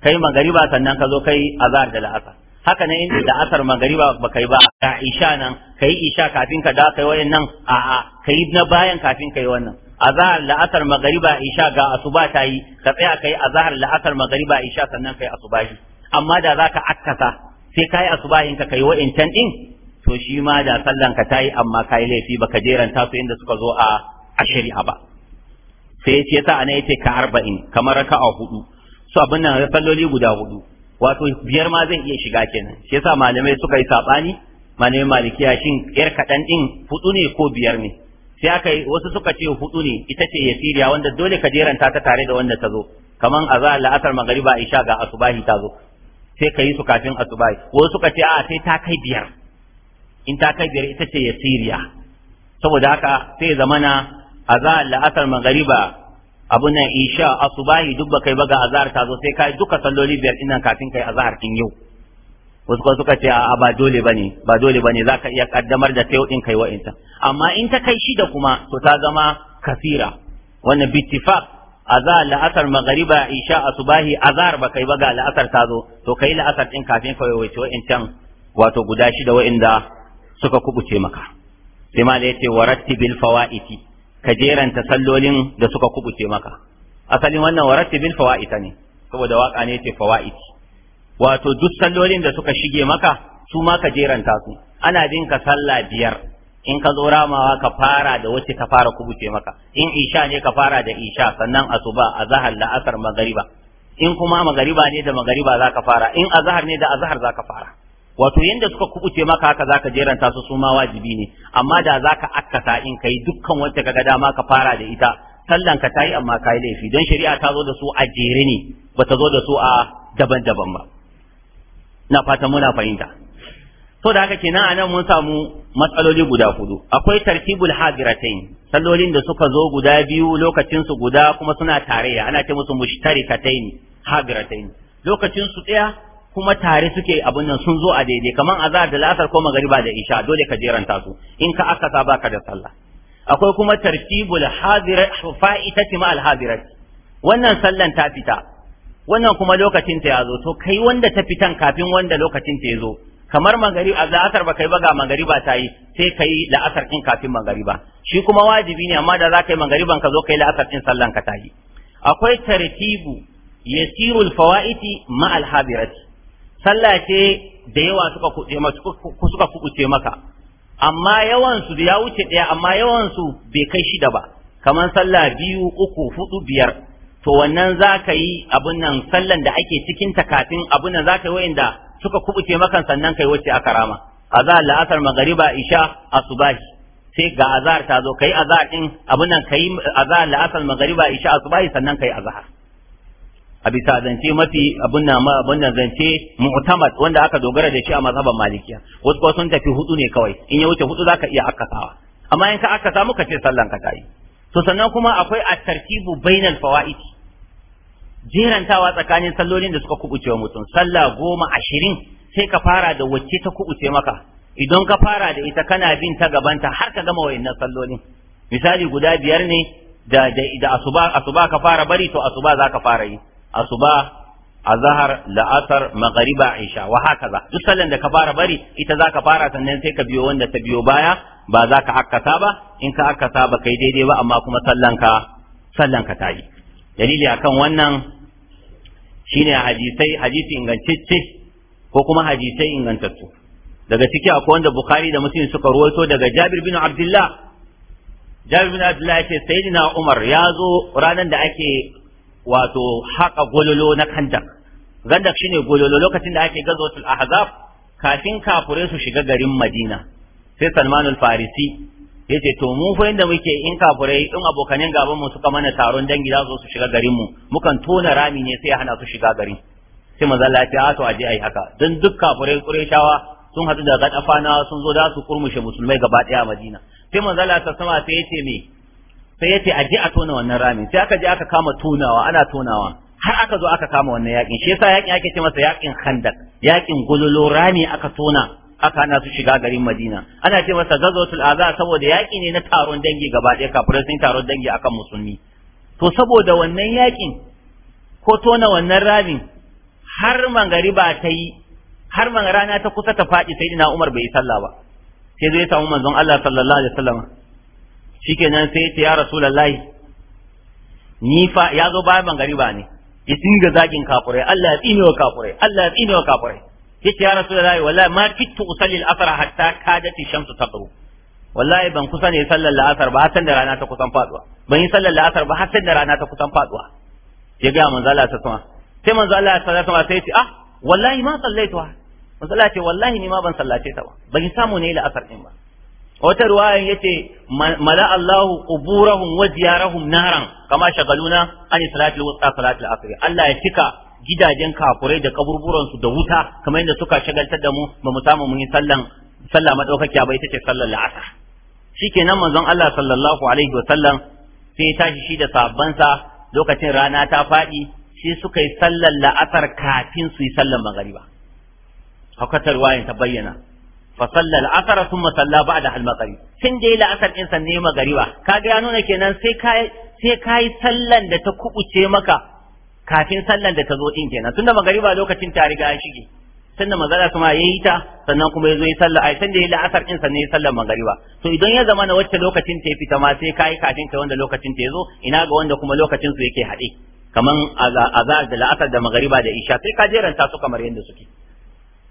kai magariba sannan ka zo kai azhar da la'asar haka nan inda da asar magariba ba kai ba a isha nan kai isha kafin ka da kai wayannan a a kai na bayan kafin kai wannan azhar la'asar magariba isha ga asuba ta yi ka tsaya kai azhar la'asar magariba isha sannan kai asubahi amma da zaka akkasa sai kai asubahin ka kai can din to shi ma da sallan ka tayi amma kai laifi baka jeranta su inda suka zo a a shari'a ba sai ya ce ta ana yace ka arba'in kamar raka'a hudu su abin nan falloli guda hudu wato biyar ma zai iya shiga kenan shi yasa malamai suka yi sabani malamai malikiya shin yar kadan din hudu ne ko biyar ne sai aka yi wasu suka ce hudu ne ita ce yasiriya wanda dole ka jeranta ta tare da wanda ta zo kaman azhar la'asar magariba isha ga asubahi ta zo sai ka yi su kafin asubahi wasu suka ce a sai ta kai biyar in ta kai biyar ita ce yasiriya saboda haka sai zamana azhar la'asar magariba abun nan isha asubahi duk bakai yi ba ga azhar ta zo sai kai duka salloli biyar ina nan kafin kai azhar kin yau wasu kuma suka ce a ba dole bane ba dole bane zaka iya kaddamar da tayo din kai wa'inta amma in ta kai shida kuma to ta zama kasira wannan bittifaq azahar la'asar magariba isha asubahi azahar ba kai ba ga la'asar ta zo to kai la'asar din kafin ka waiwace wa'intan wato guda shida wa'inda suka kubuce maka sai ma da yace warattibil fawaiti ka jeranta sallolin da suka kubuce maka asalin wannan warattibil fawaita ne saboda waka ne ce fawaiti wato duk sallolin da suka shige maka su ma ka jeranta su ana bin ka sallah biyar in ka zo ramawa ka fara da wacce ka fara kubuce maka in isha ne ka fara da isha sannan asuba azhar la'asar magariba in kuma magariba ne da magariba za ka fara in azhar ne da azhar za ka fara wato yanda suka kubuce maka haka za ka jeranta su su ma wajibi ne amma da za ka akkata in kai dukkan wacce kaga dama ka fara da ita sallan ka tayi amma ka yi laifi don shari'a ta zo da su a jere ne ba ta zo da su a daban-daban ba na fata muna fahimta to da haka kenan anan mun samu matsaloli guda hudu akwai tartibul hadiratain sallolin da suka zo guda biyu lokacin su guda kuma suna tarayya ana ce musu mushtarikatain hadiratain lokacin su daya kuma tare suke abin nan sun zo a daidai kaman azhar da la'asar ko magariba da isha dole ka jeranta su in ka akasa baka da sallah akwai kuma tartibul hadirat fa'itati ma al hadirat wannan sallan ta fita wannan kuma lokacin ta yazo to kai wanda ta fitan kafin wanda lokacin ta yazo kamar magari a la'asar ba kai ba ga magariba ta yi sai kai la'asar ɗin kafin magariba shi kuma wajibi ne amma da za ka yi magariban ka zo kai la'asar ɗin sallan ka ta yi akwai tartibu yasirul fawaiti ma alhabirati sallah ce da yawa suka suka kubuce maka amma yawan su ya wuce ɗaya, amma yawan su bai kai shida ba kamar sallah biyu uku hudu biyar to wannan za ka yi abun nan sallan da ake cikin ta kafin abun nan za ka yi wa'inda suka kubuce maka sannan kai wacce aka rama azhar la'asar magariba isha asubahi sai ga azar ta zo kai azar din abun nan kai azhar la'asar magariba isha asubahi sannan kai azhar a bisa zance mafi abun na ma abin zance mu'tamad wanda aka dogara da shi a mazhaban malikiya wasu sun tafi hudu ne kawai in ya wuce hudu zaka iya akkasawa amma in ka akkasa muka ce sallan ka tayi to sannan kuma akwai at-tartibu bainal fawaid jerantawa tsakanin sallolin da suka kubuce mutum sallah goma ashirin sai ka fara da wacce ta kubuce maka idan ka fara da ita kana bin ta gabanta har ka gama wayannan sallolin misali guda biyar ne da da, asuba asuba ka fara bari to asuba zaka fara yi asuba azhar la'asar maghriba isha wa za duk sallan da ka fara bari ita za ka fara sannan sai ka biyo wanda ta biyo baya ba za ka akkasa ba in ka akkasa ba kai daidai ba amma kuma sallan ka ta yi dalili akan wannan shine hadisai hadisi ingantacce ko kuma hadisai ingantattu daga ciki akwai wanda bukhari da muslim suka ruwaito daga jabir bin abdullah jabir bin abdullah yace sayyidina umar ya zo ranar da ake wato haka gololo na kandak gandak shine gololo lokacin da ake gazotul ahzab kafin kafure su shiga garin madina sai salmanul farisi yace to mu fa inda muke in kafure in abokanin gaban mu suka mana taron dangi gida su shiga garin mu mukan tona rami ne sai hana su shiga garin sai manzo Allah ya to aje ai haka dan duk kafure qurayshawa sun hadu da gadafana sun zo da su kurmushe musulmai gaba daya madina sai manzo Allah ta sama sai yace me sai yace aje a tona wannan ramin sai aka je aka kama tonawa ana tonawa har aka zo aka kama wannan yakin shi yasa yakin ake ce masa yakin khandak yakin gululo rami aka tona aka ana su shiga garin Madina ana ce masa gazotul aza saboda yaki ne na taron dangi gaba ɗaya kafirai sun taron dangi akan musulmi to saboda wannan yakin ko tona wannan ramin har mangariba ta yi har man rana ta kusa ta faɗi sai ina Umar bai yi sallah ba sai zai samu manzon Allah sallallahu alaihi wasallam shikenan sai ce ya rasulullahi ni fa ya zo bayan mangariba ne ya dinga zagin kafurai Allah ya tsine wa kafurai Allah ya tsine wa kafurai yace ya rasulullahi wallahi ma kittu usalli al-asr hatta kadat shamsu taqru wallahi ban kusan yi sallar la'asar ba har da rana ta kusan faduwa ban yi sallar la'asar ba har da rana ta kusan faduwa ya ga manzo Allah sallallahu alaihi sai manzo Allah sallallahu alaihi wasallam sai ya ce ah wallahi ma sallaituha manzo Allah ce wallahi ni ma ban sallace ta ba ban samu ne la'asar din ba wata ruwayan yace mala Allahu quburahum wa diyarahum naran kama shagaluna an salatul wusta salatul asr Allah ya cika gidajen kafurai da kaburburan su da wuta kamar yadda suka shagaltar da mu ba mu samu mun yi sallan sallah madaukakiya ba ita ce sallar la'asar shikenan manzon Allah sallallahu alaihi wa sallam sai ya tashi shi da sabansa lokacin rana ta faɗi sai suka yi sallar la'asar kafin su yi sallar magariba hakatar wayan ta bayyana fa salla al-asr thumma salla ba'da al-maghrib tun da ila asar din sanne magariba Ka ya nuna kenan sai kai sai kai sallan da ta kubuce maka kafin sallan da ta zo din kenan tunda magariba lokacin ta riga ya shige sannan manzala kuma yayi ta sannan kuma yazo yi sallah ai sanda yayi asar din sanne sallan magariba to idan ya zama na wacce lokacin ta fita ma sai kai kafin ta wanda lokacin ta yazo ina ga wanda kuma lokacin su yake haɗe kaman azar da la'asar da magariba da isha sai ka jeranta su kamar yadda suke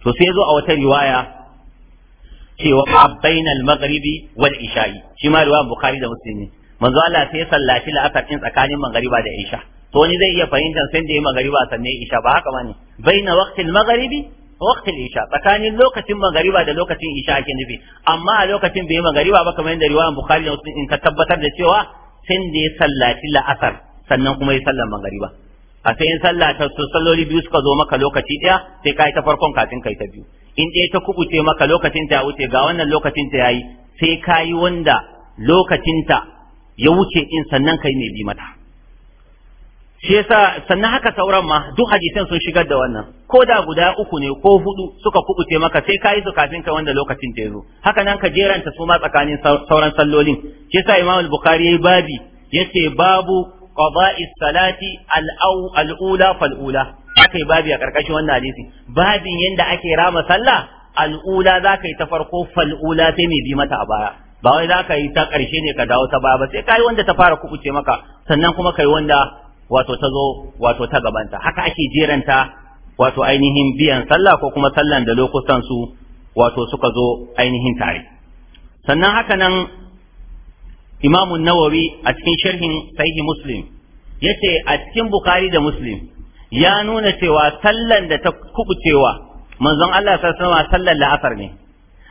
to sai zo a wata riwaya cewa al maghribi wal isha'i shi ma riwayar bukhari da muslim manzo Allah sai sallaci la'asar din tsakanin maghriba da isha to ni zai iya fahimtar sai da ya maghriba sannan isha ba haka bane baina waqtil maghribi waqtil isha tsakanin lokacin maghriba da lokacin isha ake nufi amma a lokacin bai maghriba ba kamar yadda riwayar bukhari da muslim in ka tabbatar da cewa sai da sallaci la'asar sannan kuma ya sallar maghriba a sai in sallata ta salloli biyu suka zo maka lokaci daya sai kai ta farkon kafin kai ta biyu in ɗaya ta kubuce maka lokacinta ya wuce ga wannan lokacinta ya yi sai ka yi wanda lokacinta ya wuce in sannan kai mai bi mata shi yasa sannan haka sauran ma duk hadisan sun shigar da wannan ko da guda uku ne ko hudu suka kubuce maka sai ka yi su kafin kai wanda lokacin ta zo haka nan ka jeranta su ma tsakanin sauran sallolin shi yasa imam bukhari yayi babi yace babu qada'is salati al-ula fal-ula aka yi babi a karkashin wannan hadisi babin yanda ake rama sallah al'ula za ka yi ta farko fal'ula sai mai bi mata a baya ba wai za ka yi ta ƙarshe ne ka dawo ta baya ba sai ka wanda ta fara kubuce maka sannan kuma ka yi wanda wato ta zo wato ta gabanta haka ake jeranta wato ainihin biyan sallah ko kuma sallan da lokutan su wato suka zo ainihin tare sannan haka nan imamun nawawi a cikin sharhin sahihi muslim yace a cikin bukhari da muslim ya nuna cewa sallan da ta kubucewa manzon Allah sallallahu alaihi sallan la'asar ne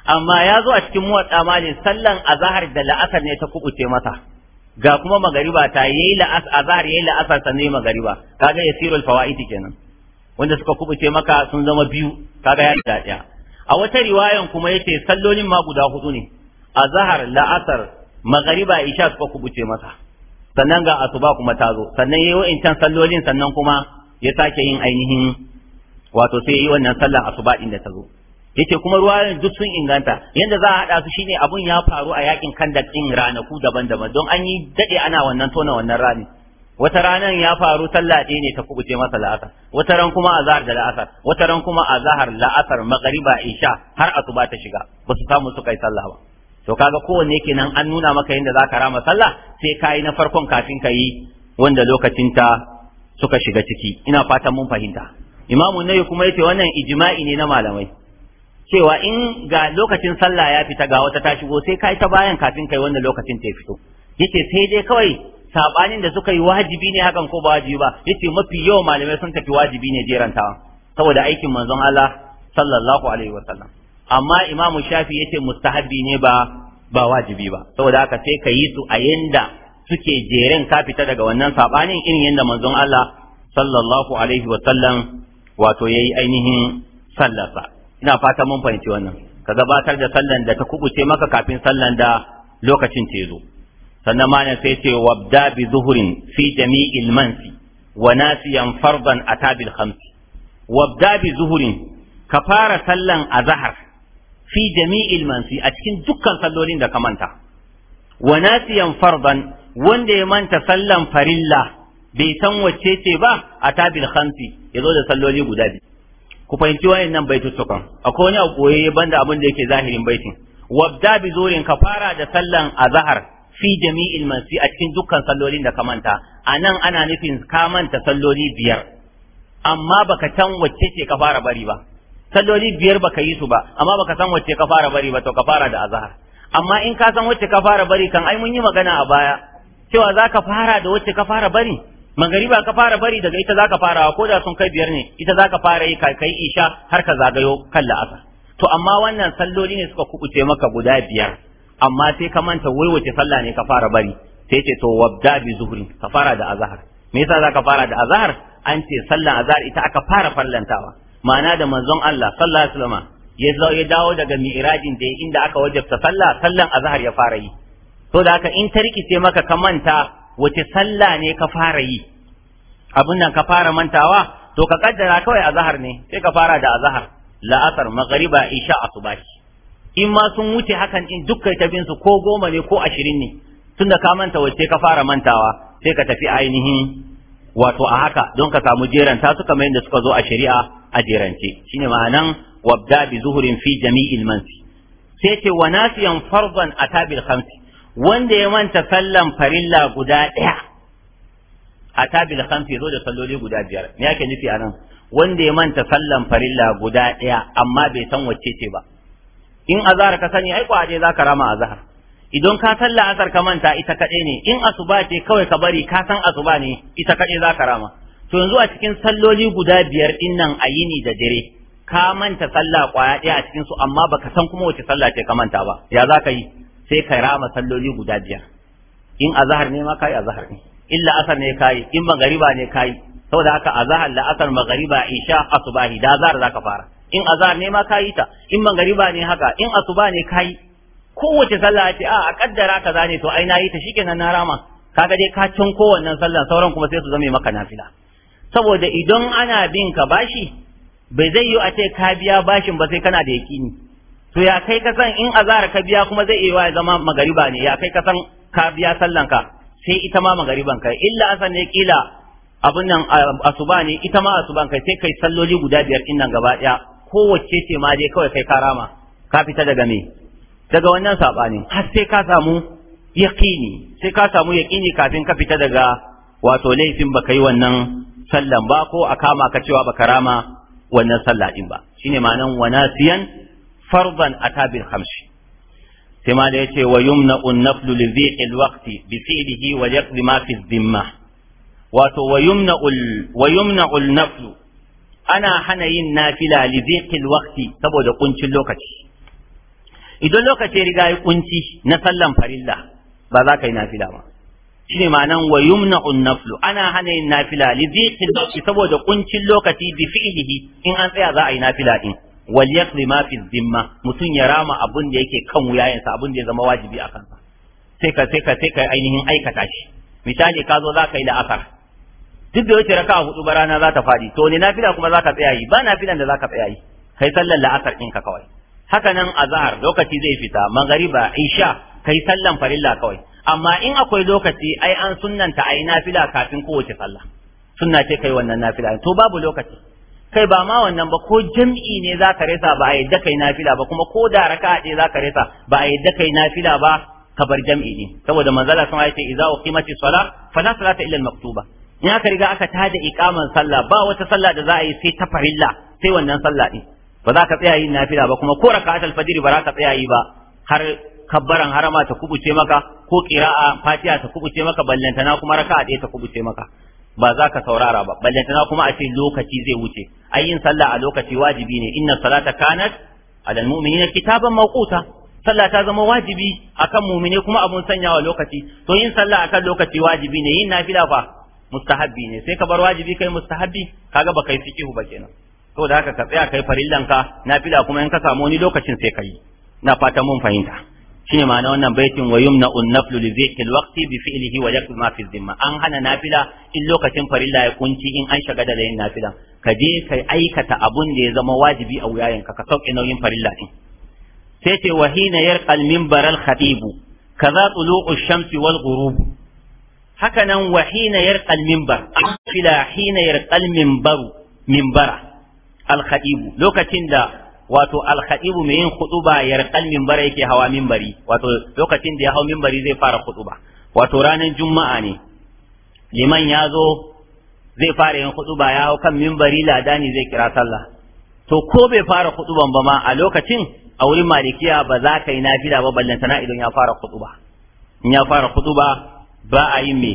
amma ya zo a cikin muwadda malin sallan azhar da la'asar ne ta kubuce masa ga kuma magariba ta yayi la'as azhar yayi la'asar sannan yayi magariba kaga yasirul fawaidi kenan wanda suka kubuce maka sun zama biyu kaga ya da a wata riwayan kuma yace sallolin ma guda hudu ne azhar la'asar magariba isha suka kubuce masa sannan ga asuba kuma ta zo sannan yayi wa'incan sallolin sannan kuma ya sake yin ainihin wato sai yi wannan sallar asuba din da ta zo yace kuma ruwa duk sun inganta yanda za a hada su shine abun ya faru a yakin kandak din ranaku daban-daban don an yi dade ana wannan tona wannan rani wata ranar ya faru sallah ɗaya ne ta kubuce masa la'asar wata ran kuma azhar da la'asar wata ran kuma azhar la'asar magriba isha har asuba ta shiga ba su samu su kai sallah ba to kaga kowanne kenan an nuna maka yadda zaka rama sallah sai kayi na farkon kafin ka yi wanda lokacin ta suka shiga ciki ina fatan mun fahimta imamu nayi kuma yace wannan ijma'i ne na malamai cewa in ga lokacin sallah ya fita ga wata ta shigo sai kai ta bayan kafin kai wannan lokacin ta fito yace sai dai kawai sabanin da suka yi wajibi ne hakan ko ba wajibi ba yace mafi yawan malamai sun tafi wajibi ne jerantawa saboda aikin manzon Allah sallallahu alaihi wasallam amma imamu shafi yace mustahabi ne ba ba wajibi ba saboda haka sai ka yi su a yanda suke jeren ka fita daga wannan sabanin irin yadda manzon Allah sallallahu alaihi wa sallam wato yayi ainihin sallarsa ina fata mun fahimci wannan ka gabatar da sallan da ta kubuce maka kafin sallan da lokacin ta zo sannan malam sai ce wabda bi zuhurin fi jami'il mansi wa nasiyan fardan atabil khamsi wabda bi zuhurin ka fara sallan azhar fi jami'il mansi a cikin dukkan sallolin da ka manta wa nasiyan fardan wanda ya manta sallan farilla bai san wacce ce ba a tabil khamsi ya zo da salloli guda biyu ku fahimci wayannan baitutukan akwai wani a koye banda abin da yake zahirin baitin wabda bi zurin ka fara da sallan azhar fi jami'il mansi a cikin dukkan sallolin da ka manta anan ana nufin ka manta salloli biyar amma baka san wacce ce ka fara bari ba salloli biyar baka yi su ba amma baka san wacce ka fara bari ba to ka fara da azhar amma in ka san wacce ka fara bari kan ai mun yi magana a baya cewa za ka fara da wacce ka fara bari magariba ka fara bari daga ita za ka fara ko da sun kai biyar ne ita za ka fara yi ka kai isha har ka zagayo kan la'asa. to amma wannan salloli ne suka kubuce maka guda biyar amma sai ka manta wai wace sallah ne ka fara bari sai ce to wabda bi zuhri ka fara da azhar me yasa za ka fara da azhar an ce sallar azhar ita aka fara farlantawa ma'ana da manzon Allah sallallahu alaihi wasallam ya dawo daga mi'rajin da inda aka wajabta sallah sallan azhar ya fara yi to da haka in ta rikice maka ka manta wace sallah ne ka fara yi abin nan ka fara mantawa to ka kaddara kawai azhar ne sai ka fara da azhar la'asar maghriba isha asubahi in ma sun wuce hakan in dukkan tafin su ko goma ne ko ashirin ne tunda ka manta wace ka fara mantawa sai ka tafi ainihin wato a haka don ka samu jeranta suka kamar yadda suka zo a shari'a a jerance shine ma'anan wabda bi zuhurin fi jami'il mansi sai ce wa nasiyan fardan atabil khamsi wanda ya manta sallan farilla guda ɗaya a tabil khamsi zo da salloli guda biyar me yake nufi a nan wanda ya manta sallan farilla guda ɗaya amma bai san wacce ce ba in azhar ka sani ai kwaje za ka rama azhar idan ka salla asar ka manta ita kaɗai ne in asuba ce kawai ka bari ka san asuba ne ita kaɗai za ka rama to yanzu a cikin salloli guda biyar din nan a yini da dare ka manta sallah kwaya ɗaya a cikin su amma baka san kuma wace sallah ce ka manta ba ya za ka yi sai ka rama salloli guda biyar in azahar ne ma kai azahar ne illa asar ne kai in magariba ne kai saboda haka azahar, la asar magariba isha asubahi da azhar zaka fara in azahar ne ma kai ta in magariba ne haka in asuba ne kai kowace sallah ce a a kaddara kaza ne to ai nayi ta shikenan na rama kaga dai ka cin kowannen sallah sauran kuma sai su zame maka nafila saboda idan ana bin ka bashi bai zai yi a ce ka biya bashin ba sai kana da yaƙini to ya kai ka san in azhar ka biya kuma zai iya ya zama magariba ne ya kai ka san ka biya sallan ka sai ita ma magariban kai illa asan ne kila abun nan asuba ne ita ma asuban kai sai kai salloli guda biyar din nan gaba daya kowace ce ma dai kawai kai karama ka fita daga me daga wannan sabani har sai ka samu yaqini sai ka samu yaqini kafin ka fita daga wato laifin baka yi wannan sallan ba ko a kama ka cewa baka rama wannan sallah din ba shine ma'anan wa nasiyan fardan atabil khamsi sai ma da yace wa yumna an-naflu li dhiqi waqti bi fi'lihi wa yaqdi ma fi dhimma wato wa yumna wa yumna al-naflu ana hana yin nafila li dhiqi waqti saboda kuncin lokaci idan lokaci riga ya kunci na sallan farilla ba za ka yi nafila ba shine ma'anan wa yumna ul naflu ana hana yin nafila li dhiqi waqti saboda kuncin lokaci bi fi'lihi in an tsaya za a yi nafila din wal yaqdi ma fi ya rama abun da yake kan wuyayensa abun da ya zama wajibi a kansa sai ka sai ka sai ka ainihin aikata shi misali ka zo ka yi la'asar duk da wuce raka'a hudu ba rana za ta fadi to ne nafila kuma ka tsaya yi ba nafilan da ka tsaya yi kai sallar la'asar ɗinka kawai haka nan azhar lokaci zai fita magariba isha kai sallan farilla kawai amma in akwai lokaci ai an sunnanta ai nafila kafin kowace sallah sunna ce kai wannan nafila to babu lokaci kai ba ma wannan ba ko jam'i ne za ka resa ba a yadda kai nafila ba kuma ko da raka ɗaya za ka resa ba a yadda kai nafila ba ka bar jam'i ne saboda manzala sun ce idza uqimati sala fala salata illa maktuba in aka riga aka tada iqaman sallah ba wata sallah da za a yi sai ta farilla sai wannan sallah din ba za ka tsaya yin nafila ba kuma ko raka fajr ba za ka tsaya yi ba har kabbaran harama ta kubuce maka ko qira'a fatiha ta kubuce maka ballantana kuma raka'a ɗaya ta kubuce maka ba za ka saurara ba ballantana kuma a ce lokaci zai wuce ai yin sallah a lokaci wajibi ne inna salata kanat ala almu'minina kitaban mawquta sallah ta zama wajibi akan mu'mine kuma abun sanyawa lokaci to yin sallah akan lokaci wajibi ne yin nafila fa mustahabbi ne sai ka bar wajibi kai mustahabbi kaga ba kai fiqihu ba kenan to da haka ka tsaya kai farillanka nafila kuma in ka samu wani lokacin sai ka yi na fata mun fahimta shine ma'ana wannan baitin wa yumna an-naflu li dhikri al bi fi'lihi wa yakfi ma fi dhimma an hana nafila in lokacin farilla ya kunci in an shiga da yin nafilan ka je kai aikata abun da ya zama wajibi a wuyayenka ka sauke nauyin farilla din sai ce wa hina yarqal minbar al-khatib kaza tulu'u ash-shamsi wal ghurub haka nan wa hina yarqal minbar fila hina yarqal minbaru minbara al-khatib lokacin da wato alkhadibu mai yin khutuba yarqal bara yake hawa minbari wato lokacin da ya hawa minbari zai fara khutuba wato ranar juma'a ne liman ya zo zai fara yin khutuba ya hau kan minbari ladani zai kira sallah to ko bai fara khutuban ba ma a lokacin a wurin malikiya ba za ka yi nafila ba ballanta na idan ya fara khutuba in ya fara khutuba ba a yi me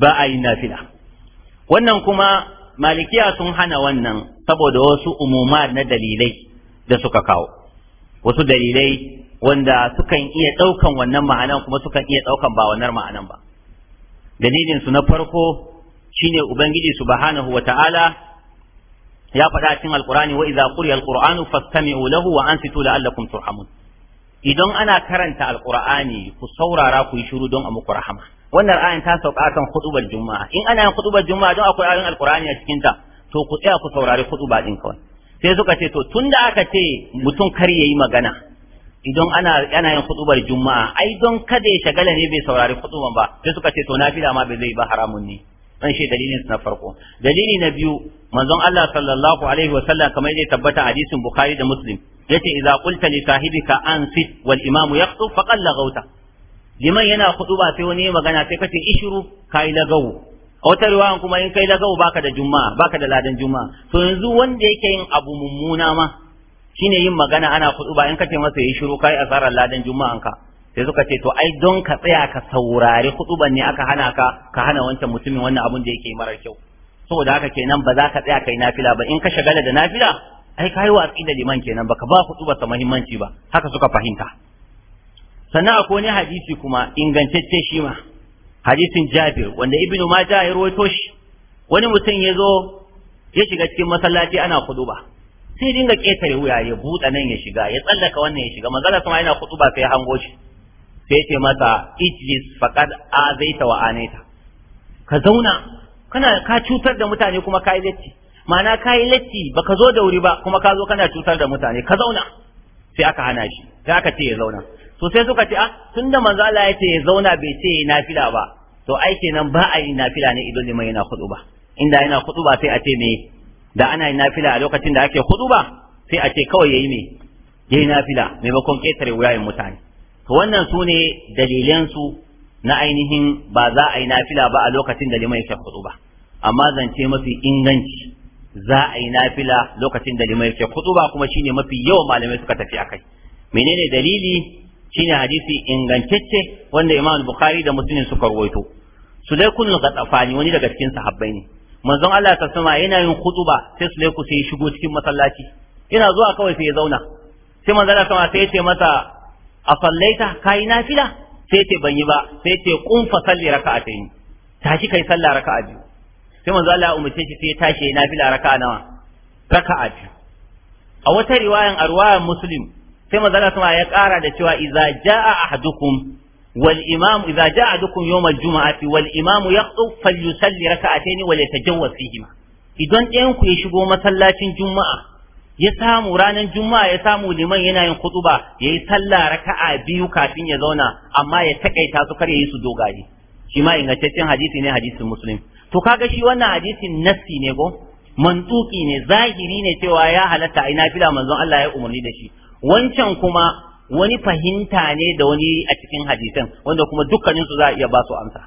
ba a yi nafila wannan kuma malikiya sun hana wannan saboda wasu umuma na dalilai da suka kawo wasu dalilai wanda sukan iya ɗaukan wannan ma'anan kuma sukan iya ɗaukan ba wannan ma'anan ba dalilin su na farko shine ubangiji subhanahu wata'ala ya faɗa a cikin alqur'ani wa idza quriya alqur'anu fastami'u lahu wa ansitu la'allakum turhamun idan ana karanta alqur'ani ku saurara ku yi shiru don a muku rahama wannan ayan ta sauka kan hudubar juma'a in ana yin hudubar juma'a don akwai ayoyin alqur'ani a cikin ta to ku tsaya ku saurari huduba din kawai sai suka ce to da aka ce mutum kar yayi magana idan ana ana yin khutubar juma'a ai don kada ya shagala ne bai saurari khutuban ba sai suka ce to na nafila ma bai zai ba haramun ne dan shi dalilin na farko dalili na biyu manzon Allah sallallahu alaihi wasallam kamar yadda tabbata hadisin bukhari da muslim yace idza qulta li sahibika ansit wal imam yaqtu faqad laghawta liman yana khutuba sai wani magana sai kace ishuru kai lagawo a wata riwayan kuma in kai lagau baka da juma'a baka da ladan juma'a to yanzu wanda yake yin abu mummuna ma shine yin magana ana kudu ba in kace masa yayi shiru kai asarar ladan juma'an ka sai suka ce to ai don ka tsaya ka saurari kuduban ne aka hana ka ka hana wancan mutumin wannan abun da yake marar kyau saboda haka kenan ba za ka tsaya kai nafila ba in ka shagala da nafila ai kai wa da liman kenan baka ba kudu ta muhimmanci ba haka suka fahimta sannan akwai wani hadisi kuma ingantacce shi ma hadisin Jabir wanda Ibn Majah ya rawaito shi wani mutum ya zo ya shiga cikin masallaci ana kuduba sai dinga ketare wuya ya buɗe nan ya shiga ya tsallaka wannan ya shiga manzala sama yana kuduba sai hango shi sai ya ce masa ijlis faqad azaita wa anaita ka zauna kana ka cutar da mutane kuma ka yi latti ma'ana ka yi latti baka zo da wuri ba kuma ka zo kana cutar da mutane ka zauna sai aka hana shi sai aka ce ya zauna to sai suka ce ah tunda manzo Allah ya ce ya zauna bai ce ya nafila ba to ai kenan ba a yi nafila ne idan liman yana khutuba inda yana khutuba sai a ce me da ana yi nafila a lokacin da ake khutuba sai a ce kawai yayi me yayi nafila maimakon ketare wuyayen mutane to wannan sune ne dalilan su na ainihin ba za a yi nafila ba a lokacin da liman yake khutuba amma zance mafi inganci za a yi nafila lokacin da limai ke kutuba kuma shine mafi yawan malamai suka tafi akai menene dalili shine hadisi ingantacce wanda Imam Bukhari da Muslim suka rawaito Sulaykun al-Ghatafani wani daga cikin sahabbai ne manzon Allah ta sama yana yin khutuba sai Sulayku sai shigo cikin masallaci ina zuwa kawai sai ya zauna sai manzon Allah sama sai ya ce masa a sallaita kai nafila sai ya ce ban yi ba sai ya ce kun fa salli raka'atayn tashi kai sallah raka'a biyu sai manzon Allah ya umarce shi sai ya tashi nafila raka'a nawa raka'a biyu a wata riwayan a riwayan Muslim sai manzala sama ya ƙara da cewa idza jaa ahadukum wal imam idza jaa ahadukum yawm al jumu'ati wal imam yaqtu falyusalli rak'atayn wa yatajawwaz fihima idan ɗayan ku ya shigo masallacin juma'a ya samu ranar juma'a ya samu liman yana yin khutuba yayi sallah raka'a biyu kafin ya zauna amma ya takaita su kar yi su dogari. shi ma ingantaccen hadisi ne hadisin muslim to kaga shi wannan hadisin nassi ne go mantuki ne zahiri ne cewa ya halatta ina fila manzon Allah ya umarni da shi wancan kuma wani fahimta ne da wani a cikin hadisan wanda kuma dukkanin su za a iya ba su amsa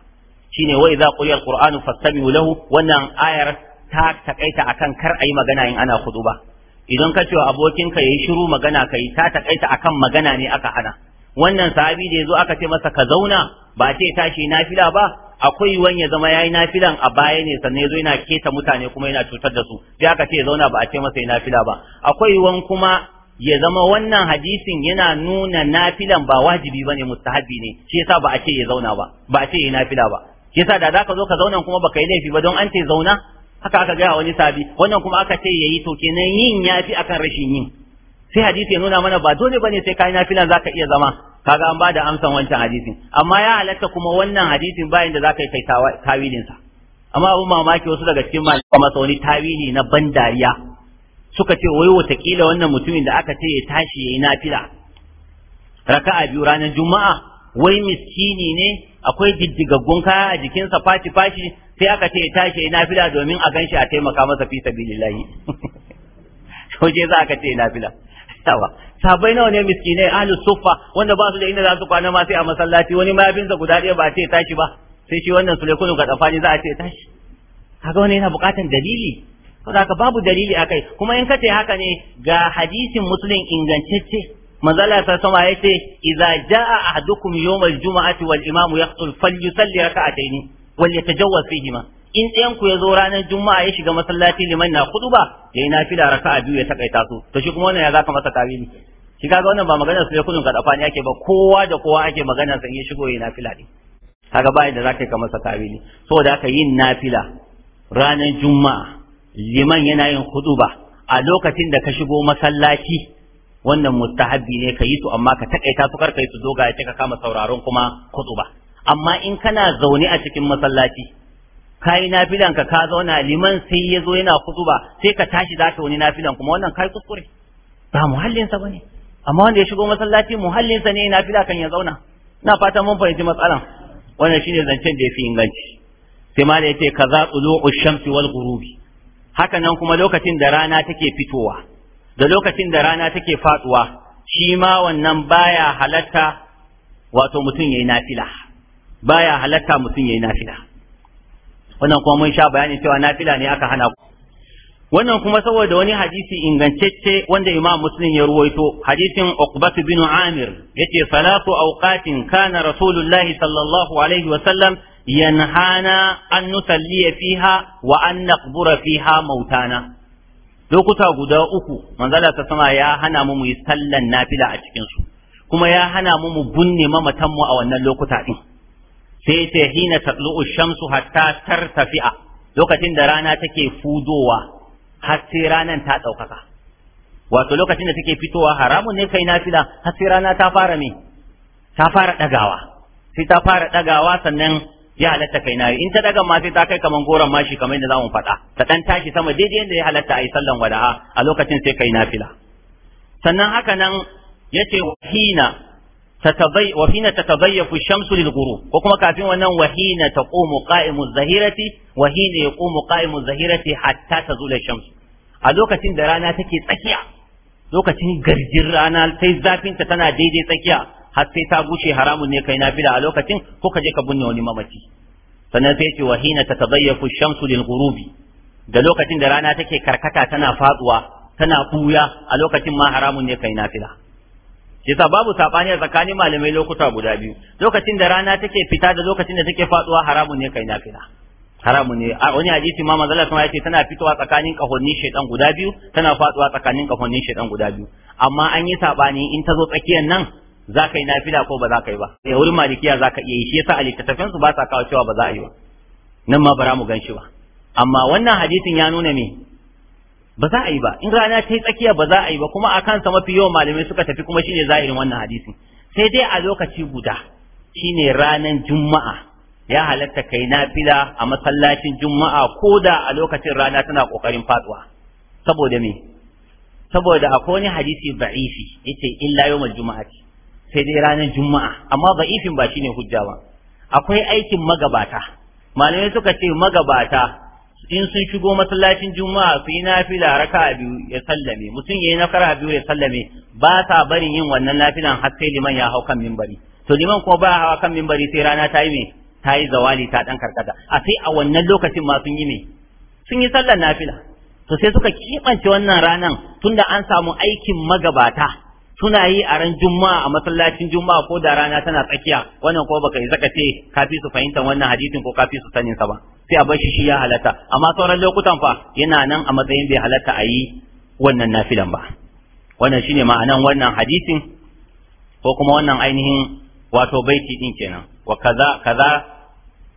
shine wa idza quriya alqur'anu fastami'u lahu wannan ayar ta takaita akan kar ayi magana in ana khutuba idan ka cewa abokin ka yayi shiru magana kai ta takaita akan magana ne aka hana wannan sahabi da yazo aka ce masa ka zauna ba ce tashi nafila ba akwai wani ya zama yayi nafilan a baya ne sannan yazo yana keta mutane kuma yana cutar da su sai aka ce zauna ba a ce masa yayi nafila ba akwai wani kuma ya zama wannan hadisin yana nuna nafilan ba wajibi bane mustahabi ne shi yasa ba a ce ya zauna ba ba a ce ya nafila ba shi yasa da zaka zo ka zauna kuma baka yi laifi ba don an ce zauna haka aka ga wani sabi wannan kuma aka ce yayi to kenan yin yafi akan rashin yin sai hadisi ya nuna mana ba dole bane sai kai nafilan zaka iya zama kaga an bada amsan wancan hadisin amma ya halatta kuma wannan hadisin bayan da zaka yi kai tawilin sa amma abun mamaki wasu daga cikin malamai masa wani tawili na ban dariya suka ce wai watakila wannan mutumin da aka ce ya tashi ya yi nafila raka'a biyu ranar juma'a wai miskini ne akwai diddigaggun kaya a jikinsa fashi fashi sai aka ce ya tashi ya yi nafila domin a ganshi a taimaka masa fi sabilillahi je za aka ce ya nafila tawa sabai nawa ne miskinai ahlus suffa wanda ba su da inda za su kwana ma sai a masallaci wani mayafinsa guda ɗaya ba a ce ya tashi ba sai shi wannan sulekunu ga tsafani za a ce ya tashi kaga wani yana buƙatar dalili saboda babu dalili akai kuma in ka ce haka ne ga hadisin muslim ingantacce manzala ta sama ya ce a jaa ahadukum yawmal jumu'ati wal imam yaqtul falyusalli rak'atayn wal yatajawwaz fihima in ɗayan ku ya zo ranar juma'a ya shiga masallaci liman na ba, ya yi nafila raka'a biyu ya takaita su to shi kuma wannan ya zaka masa tawili shi kaga wannan ba maganar su ya kudun kadafa ne ake ba kowa da kowa ake maganar sa in ya shigo ya nafila din kaga ba da zaka yi ka masa tawili saboda haka yin nafila ranar juma'a liman yana yin ba a lokacin da ka shigo masallaci wannan mustahabbi ne ka yi su amma ka takaita su karka yi su doga ya ka kama sauraron kuma ba amma in kana zaune a cikin masallaci kai nafilan ka ka zauna liman sai ya zo yana ba sai ka tashi zaka wani nafilan kuma wannan kai kuskure ba muhallin sa bane amma wanda ya shigo masallaci muhallin sa ne nafila kan ya zauna na fata mun fahimci matsalan wannan shine zancen da yafi inganci sai ma da yace kaza lu'u shamsi wal ghurubi haka nan kuma lokacin da rana take fitowa da lokacin da rana take faduwa shi ma wannan baya halatta wato mutum ya yi nafila baya halatta mutum ya yi nafila wannan kuma mun sha bayanin cewa nafila ne aka hana ku wannan kuma saboda wani hadisi ingantacce wanda Imam Muslim ya ruwaito hadisin Uqbah bin Amir yace salatu awqatin kana Rasulullahi sallallahu alaihi wa sallam yanhana an nusalliya fiha wa an naqbura fiha mautana lokuta guda uku manzala ta sama ya hana mu mu yi sallan nafila a cikin su kuma ya hana mu mu bunne mamatan mu a wannan lokuta ɗin. sai ta hina tatlu'u shamsu hatta tartafi'a lokacin da rana take fudowa har ranan ta daukaka wato lokacin da take fitowa haramun ne kai nafila har rana ta fara me ta fara dagawa sai ta fara dagawa sannan ya halatta kai nayi in ta daga ma sai ta kai kaman goron mashi kamar yadda zamu faɗa ta dan tashi sama daidai yadda ya halatta ayi sallan wada'a a lokacin sai kai nafila sannan haka nan yace wahina tatabay wahina tatabayyafu shamsu lil ko kuma kafin wannan wahina taqumu qa'imu zahirati wahina yaqumu qa'imu zahirati hatta tazula shamsu a lokacin da rana take tsakiya lokacin garjin rana sai zafinta tana daidai tsakiya har sai ta gushe haramun ne kai nafila a lokacin ko ka je ka binne wani mamaci sannan sai ce wa hina tatadayyafu shamsu lil ghurubi da lokacin da rana take karkata tana faduwa tana kuya a lokacin ma haramun ne kai nafila yasa babu sabani a tsakanin malamai lokuta guda biyu lokacin da rana take fita da lokacin da take faduwa haramun ne kai nafila haramun ne a wani hadisi ma manzo Allah ya ce tana fitowa tsakanin kahonni shedan guda biyu tana faduwa tsakanin kahonni shedan guda biyu amma an yi sabani in ta zo tsakiyar nan za ka yi nafila ko ba za ka yi ba ya eh, wurin malikiya za ka iya yi shi yasa a littattafin su ba sa kawo cewa ba za a yi ba nan ma bara mu gan shi ba amma wannan hadisin ya nuna me ba za a yi ba in rana ta yi tsakiya ba za a yi ba kuma a kansa mafi yawan malamai suka tafi kuma shine zahirin wannan hadisin sai dai a lokaci guda shine ranar juma'a ya halatta kai nafila a masallacin juma'a ko da a lokacin rana tana kokarin faduwa saboda me saboda akwai wani hadisi baifi yace illa Juma'a ce. sai dai ranar juma'a amma ifin ba shine hujja ba akwai aikin magabata malamai suka ce magabata in sun shigo masallacin juma'a su yi nafila raka biyu ya sallame mutum ya yi biyu ya sallame ba sa barin yin wannan nafilan har sai liman ya hau kan mimbari to liman kuma ba hawa kan mimbari sai rana ta yi me ta yi zawali ta dan karkata a sai a wannan lokacin ma sun yi me sun yi sallar nafila to sai suka kimance wannan ranan tunda an samu aikin magabata suna yi a ran juma'a a masallacin juma'a ko da rana tana tsakiya wannan ko baka yi zaka ce ka su fahimtar wannan hadisin ko ka su sanin sa ba sai a bar shi ya halatta amma sauran lokutan fa yana nan a matsayin bai halatta a yi wannan nafilan ba wannan shine ma'anan wannan hadisin ko kuma wannan ainihin wato baiti din kenan wa kaza kaza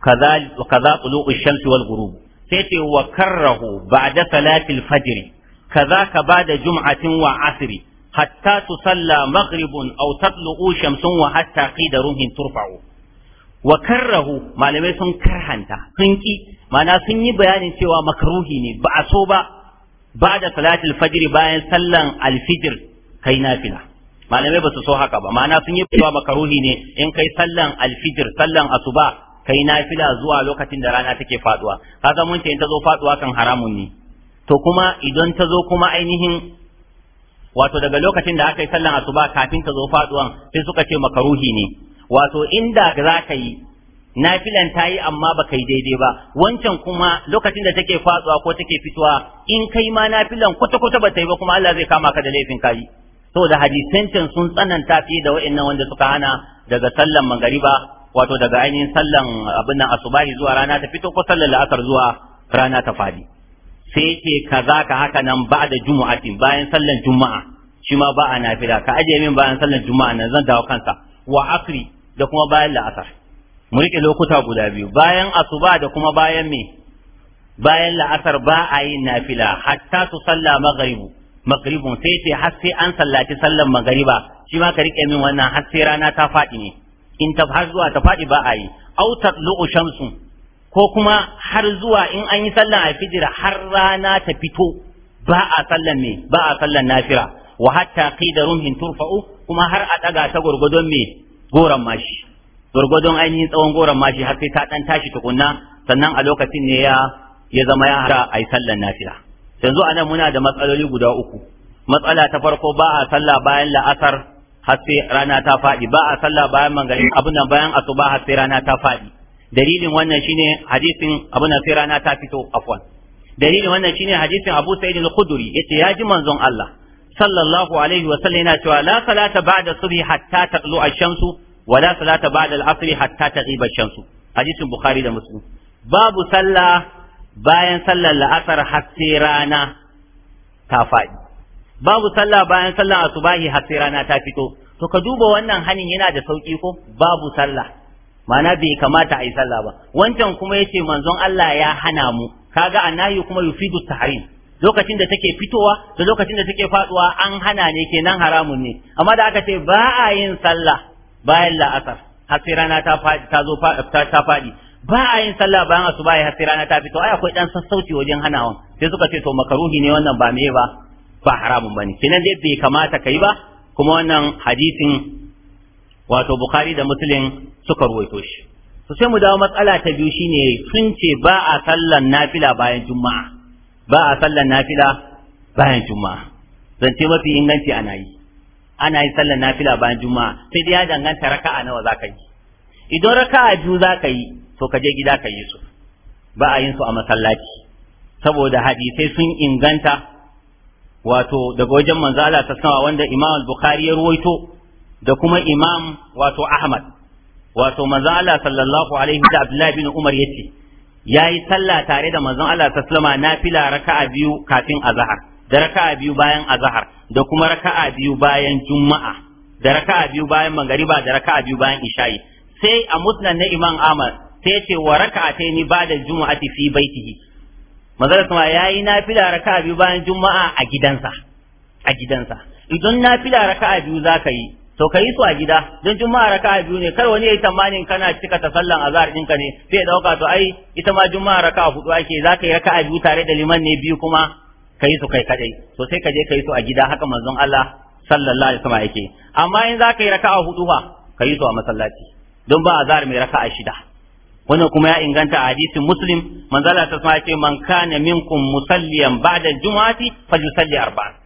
kaza wa kaza tulu'u shamsi wal ghurub sai ce wa karrahu ba'da salatil fajr kaza ka ba da jum'atin wa asri Hattatu tusalla maghribun aw tatlu'u shamsun wa hatta qida ruhin turfa'u wa karrahu malamai sun karhanta sun ki sun yi bayanin cewa makruhi ne ba a so ba ba da salatul fajiri bayan sallan alfijir kai nafila malamai ba su so haka ba ma'ana sun yi cewa makaruhi ne in kai sallan alfijir sallan asuba kai nafila zuwa lokacin da rana take faduwa kaga mun ce in ta zo faduwa kan haramun ne to kuma idan ta zo kuma ainihin wato daga lokacin da aka yi sallan asuba kafin ta zo faduwan sai suka ce makaruhi ne wato inda za ka yi nafilan ta yi amma ba kai daidai ba wancan kuma lokacin da take faduwa ko take fitowa in kai ma nafilan kwata kwata ba ta yi ba kuma Allah zai kama ka da laifin da saboda can sun tsananta fiye da wa'annan wanda suka hana daga sallan magariba wato daga ainihin sallan abin nan asubahi zuwa rana ta fito ko sallar la'asar zuwa rana ta fadi sai ce kaza ka haka nan ba da jumu'atin bayan sallan juma'a shi ma ba a nafila ka ajiye min bayan sallan juma'a nan zan dawo kansa wa asri da kuma bayan la'asar mu rike lokuta guda biyu bayan asuba da kuma bayan me bayan la'asar ba a yi nafila hatta su salla maghribu maghribun sai ce har sai an sallaci sallan magariba shi ma ka rike min wannan har sai rana ta faɗi ne in ta har zuwa ta faɗi ba a yi au tatlu'u shamsun ko kuma har zuwa in an yi sallan alfijir har rana ta fito ba a sallan me ba a sallan nafira wa hatta qida ruhin turfa'u kuma har a daga ta gurgudun me goran mashi gurgudun ainihin tsawon goran mashi har sai ta dan tashi tukunna sannan a lokacin ne ya ya zama ya hara ai sallan nafila yanzu anan muna da matsaloli guda uku matsala ta farko ba a sallah bayan la'asar har sai rana ta faɗi ba a sallah bayan mangarin abin nan bayan asuba har sai rana ta faɗi dalilin wannan shine hadisin abu na sai rana ta fito afwan dalilin wannan shine hadisin abu sa'id al-khudri yace ya ji manzon Allah sallallahu alaihi wa sallam yana cewa la salata ba'da subhi hatta taqlu ash-shamsu wa la salata ba'da al-asri hatta taghiba ash-shamsu hadisin bukhari da muslim babu sallah bayan sallar la'asar har rana ta faɗi babu sallah bayan sallar asubahi har rana ta fito to ka duba wannan hanin yana da sauki ko babu sallah ma'ana bai kamata a yi sallah ba wancan kuma yace manzon Allah ya hana mu kaga annayi kuma yufidu tahrim lokacin da take fitowa da lokacin da take faduwa an hana ne kenan haramun ne amma da aka ce ba a yin sallah bayan la'asar har ta fadi ta zo ta fadi ba a yin sallah bayan asuba ya hasirana rana ta fito ai akwai dan sassauci wajen hanawan sai suka ce to makaruhi ne wannan ba me ba ba haramun bane kenan dai bai kamata kai ba kuma wannan hadisin wato bukhari da muslim suka ruwaito shi to sai mu dawo matsala ta biyu shi ne sun ce ba a sallan nafila bayan juma'a ba a sallan nafila bayan juma'a Zan zance mafi inganci ana yi ana yi sallan nafila bayan juma'a sai dai ya danganta raka'a nawa za ka yi idan raka'a biyu ka yi to ka je gida ka yi su ba a yin su a masallaci saboda hadisai sun inganta wato daga wajen Manzala ta sama wanda Imam Bukhari ya ruwaito da kuma Imam wato Ahmad wato manzon Allah sallallahu alaihi da Abdullahi bin Umar yace yi sallah tare da manzon Allah Sallallahu sallama nafila raka'a biyu kafin azhar da raka'a biyu bayan azhar da kuma raka'a biyu bayan juma'a da raka'a biyu bayan magariba da raka'a biyu bayan isha'i sai a musnad na Imam Ahmad sai ce wa raka'ataini ba'da jumu'ati fi baitihi manzon sama yayi nafila raka'a biyu bayan juma'a a gidansa a gidansa idan nafila raka'a biyu zaka yi to ka yi su a gida don juma'a raka biyu ne kar wani ya yi tamanin kana cika ta sallan azhar ka ne sai ɗauka to ai ita ma juma'a raka hudu ake za ka yi raka biyu tare da liman ne biyu kuma ka yi su kai kadai to sai ka je ka yi su a gida haka manzon Allah sallallahu alaihi wasallam yake amma in za ka yi raka hudu fa ka yi su a masallaci don ba azhar mai raka shida wannan kuma ya inganta a hadisin muslim manzala ta sama ce man kana minkum musalliyan ba'da fa yusalli arba'a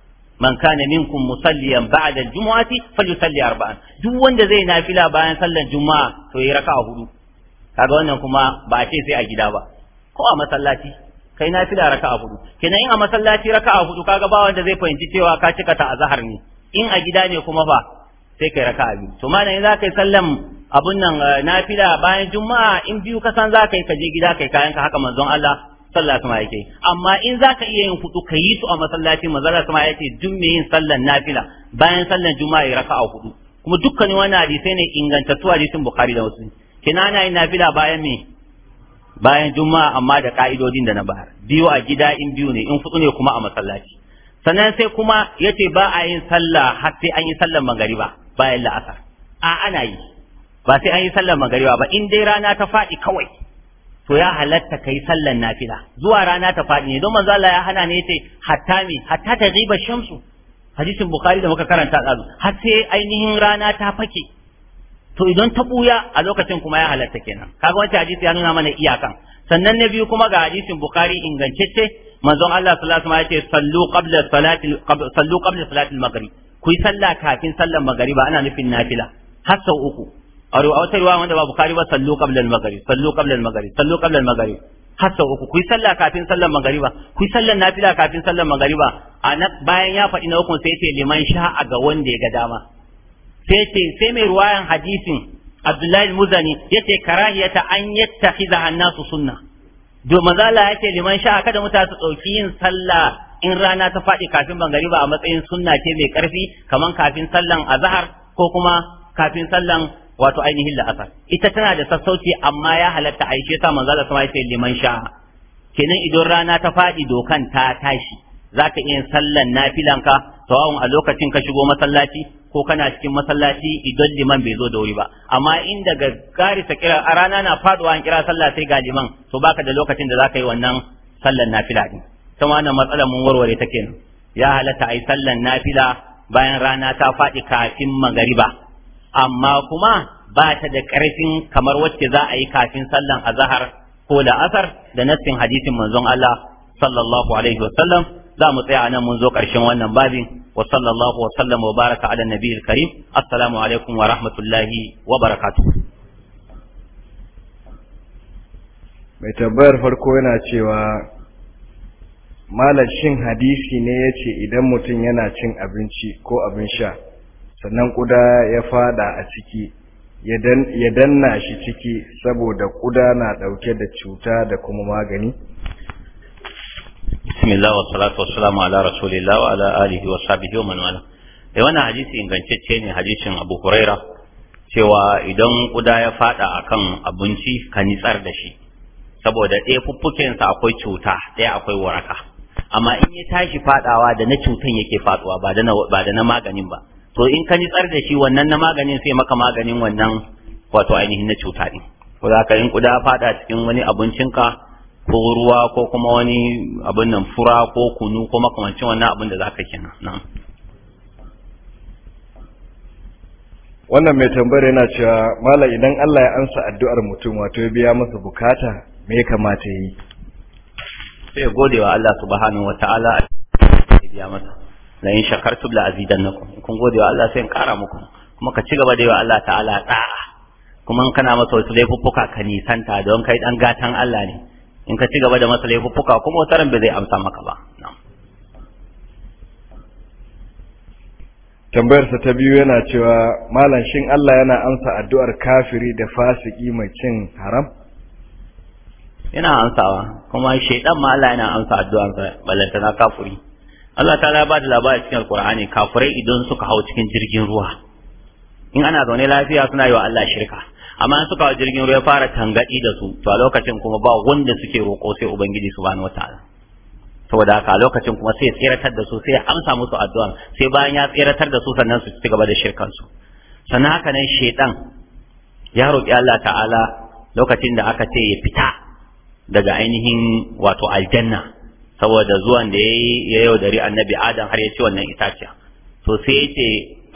man kana minkum musalliyan ba'da al-jumu'ati falyusalli arba'an duk wanda zai nafila bayan sallar juma'a to yi raka'a hudu kaga wannan kuma ba a ce sai a gida ba ko a masallaci kai nafila raka'a hudu kenan in a masallaci raka'a hudu kaga ba wanda zai fahimci cewa ka cika ta azhar ne in a gida ne kuma ba sai kai raka'a biyu to mana za ka yi sallan abun nan eh, nafila bayan juma'a in biyu ka san za ka yi ka je gida kai kayanka haka manzon Allah sallah sama yake amma in zaka iya yin hudu ka yi su a masallaci manzala sama yake duk yin sallan nafila bayan sallan juma'a ya raka'a hudu kuma dukkanin wani hadisai ne ingantattu hadisin bukhari da wasu kinana yin nafila bayan me bayan juma'a amma da ka'idodin da na bayar biyu a gida in biyu ne in hudu ne kuma a masallaci sannan sai kuma yace ba a yin sallah har sai an yi sallar magariba bayan la'asar a ana yi ba sai an yi sallar magariba ba in dai rana ta faɗi kawai to ya halatta kai sallan nafila zuwa rana ta faɗi ne don manzo Allah ya hana ne yace hatta me hatta ta ghiba shamsu hadisin bukhari da muka karanta tsazu har sai ainihin rana ta fake to idan ta buya a lokacin kuma ya halatta kenan kaga wancan hadisi ya nuna mana iyakan sannan na biyu kuma ga hadisin bukhari ingantacce manzon Allah sallallahu alaihi wasallam yace sallu qabla salati sallu qabla salati al-maghrib ku yi sallah kafin sallar magariba ana nufin nafila har sau uku a wata ruwa wanda ba bukari ba sallu qabla al-maghrib sallu qabla al-maghrib sallu qabla al-maghrib har uku kuyi sallah kafin sallan magariba kuyi yi sallan nafila kafin sallan magariba a bayan ya faɗi na hukun sai ce liman sha'a ga wanda ya ga dama sai ce sai mai ruwayan hadisin Abdullahi Muzani yace karahiyata an yattakhidha an-nasu sunna do mazala yake liman sha'a kada mutane su dauki yin sallah in rana ta faɗi kafin magariba a matsayin sunna ce mai karfi kaman kafin sallan azhar ko kuma kafin sallan wato ainihin la'asar ita tana da sassauci amma ya halatta a ta manzo Allah sama yace liman sha kenan idan rana ta faɗi dokan ta tashi zaka iya sallan nafilanka sawa'un a lokacin ka shigo masallaci ko kana cikin masallaci idan liman bai zo da wuri ba amma in daga ta kira a rana na faduwa an kira sallah sai ga liman to baka da lokacin da zaka yi wannan sallan nafila din ta wannan matsalar mun warware ta kenan ya halatta a yi sallan nafila bayan rana ta faɗi kafin magariba amma kuma ba ta da ƙarfin kamar wacce za a yi kafin sallan azahar ko la'asar da nassin hadisin manzon Allah sallallahu alaihi wasallam za mu tsaya nan mun zo ƙarshen wannan babin wa sallallahu wa sallam wa baraka ala nabiyil karim assalamu alaikum wa rahmatullahi wa barakatuh mai tabbayar farko yana cewa malar shin hadisi ne ya ce idan mutum yana cin abinci ko abin sha sannan kuda ya fada a ciki ya danna shi ciki saboda kuda na dauke da cuta da kuma magani bismillah wa salatu wa salamu ala rasulillah wa ala alihi wa sahbihi wa man wala eh wannan hadisi ingantacce ne hadisin Abu Huraira cewa idan kuda ya fada akan abinci ka nitsar da shi saboda ɗaya fuffukensa akwai cuta ɗaya akwai waraka amma in ya tashi fadawa da na cutan yake faduwa ba da na maganin ba to in ka nitsar da shi wannan na maganin sai maka maganin wannan wato ainihin na cuta din ko za ka in kuda fada cikin wani abincinka ko ruwa ko kuma wani abin nan fura ko kunu ko makamancin wannan abin da za ka kina na'am wannan mai tambayar yana cewa mala idan Allah ya ansa addu'ar mutum wato ya biya masa bukata me ya kamata yi sai gode wa Allah subhanahu wataala ya biya masa tubla a zidan la azidannakum kun gode wa Allah sai in kara muku kuma ka ci gaba da yi wa Allah ta'ala da'a kuma in kana masa wasu laifuffuka ka nisanta don kai dan gatan Allah ne in ka ci gaba da masa laifuffuka kuma ran bai zai amsa maka ba tambayarsa ta biyu yana cewa malam shin Allah yana amsa addu'ar kafiri da fasiki mai cin haram yana amsawa kuma shaidan ma Allah yana amsa addu'ar balantana kafiri Allah ta ya bada labari cikin alkur'ani kafirai idan suka hau cikin jirgin ruwa in ana zaune lafiya suna yi wa Allah shirka amma in suka hau jirgin ruwa ya fara tangadi da su to a lokacin kuma ba wanda suke roƙo sai ubangiji subhanahu wataala saboda haka a lokacin kuma sai tseratar da su sai amsa musu addu'a sai bayan ya tseratar da su sannan su ci gaba da shirkan su sannan haka nan shaidan, ya roƙi Allah ta'ala lokacin da aka ce ya fita daga ainihin wato aljanna saboda zuwan da yayi ya dari annabi adam har ya ci wannan itaciya to sai ya ce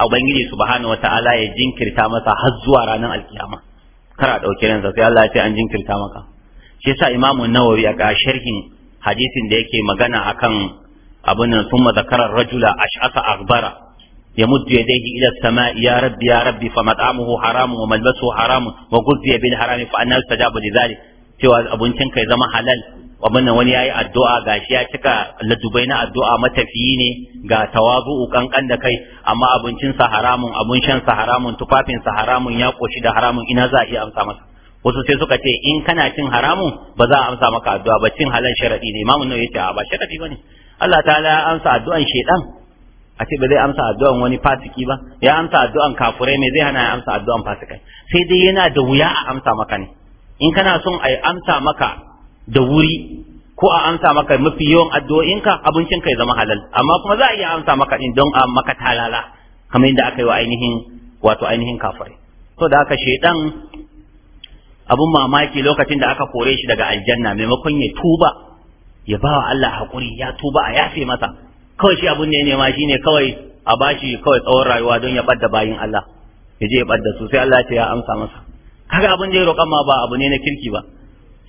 ubangiji subhanahu wataala ya jinkirta masa har zuwa ranar alkiyama kar a ɗauki ransa sai Allah ya ce an jinkirta maka shi yasa imamu nawawi a ga sharhin hadisin da yake magana akan abin nan summa rajula ash'asa aghbara يمد يديه إلى السماء haramu wa يا رب فمطعمه حرام وملبسه حرام وغذي بالحرام فأنا يستجاب لذلك cewa abincin ya zama halal wannan wani yayi addu'a gashi ya cika ladubai na addu'a matafiyi ne ga tawazu'u kankan da kai amma abincin sa haramun abun shan sa haramun tufafin sa haramun ya koshi da haramun ina za a iya amsa masa wasu sai suka ce in kana cin haramun ba za a amsa maka addu'a ba cin halal sharadi ne imamu nawawi yace ba sharadi bane Allah ta'ala ya amsa addu'an shedan a ce ba zai amsa addu'an wani fasiki ba ya amsa addu'an kafurai me zai hana ya amsa addu'an fasikai sai dai yana da wuya a amsa maka ne in kana son a amsa maka da wuri ko a amsa maka mafi yawan addu'o'inka abincin ka ya zama halal amma kuma za a iya amsa maka din don a maka talala kamar yadda aka yi wa ainihin wato ainihin kafare. to da haka shedan abun mamaki lokacin da aka kore shi daga aljanna maimakon ya tuba ya ba wa Allah hakuri ya tuba a yafe masa kawai shi abun ne nema shine kawai a bashi kawai tsawon rayuwa don ya badda bayin Allah ya ya badda su sai Allah ya amsa masa kaga abun da ya roƙa ma ba abu ne na kirki ba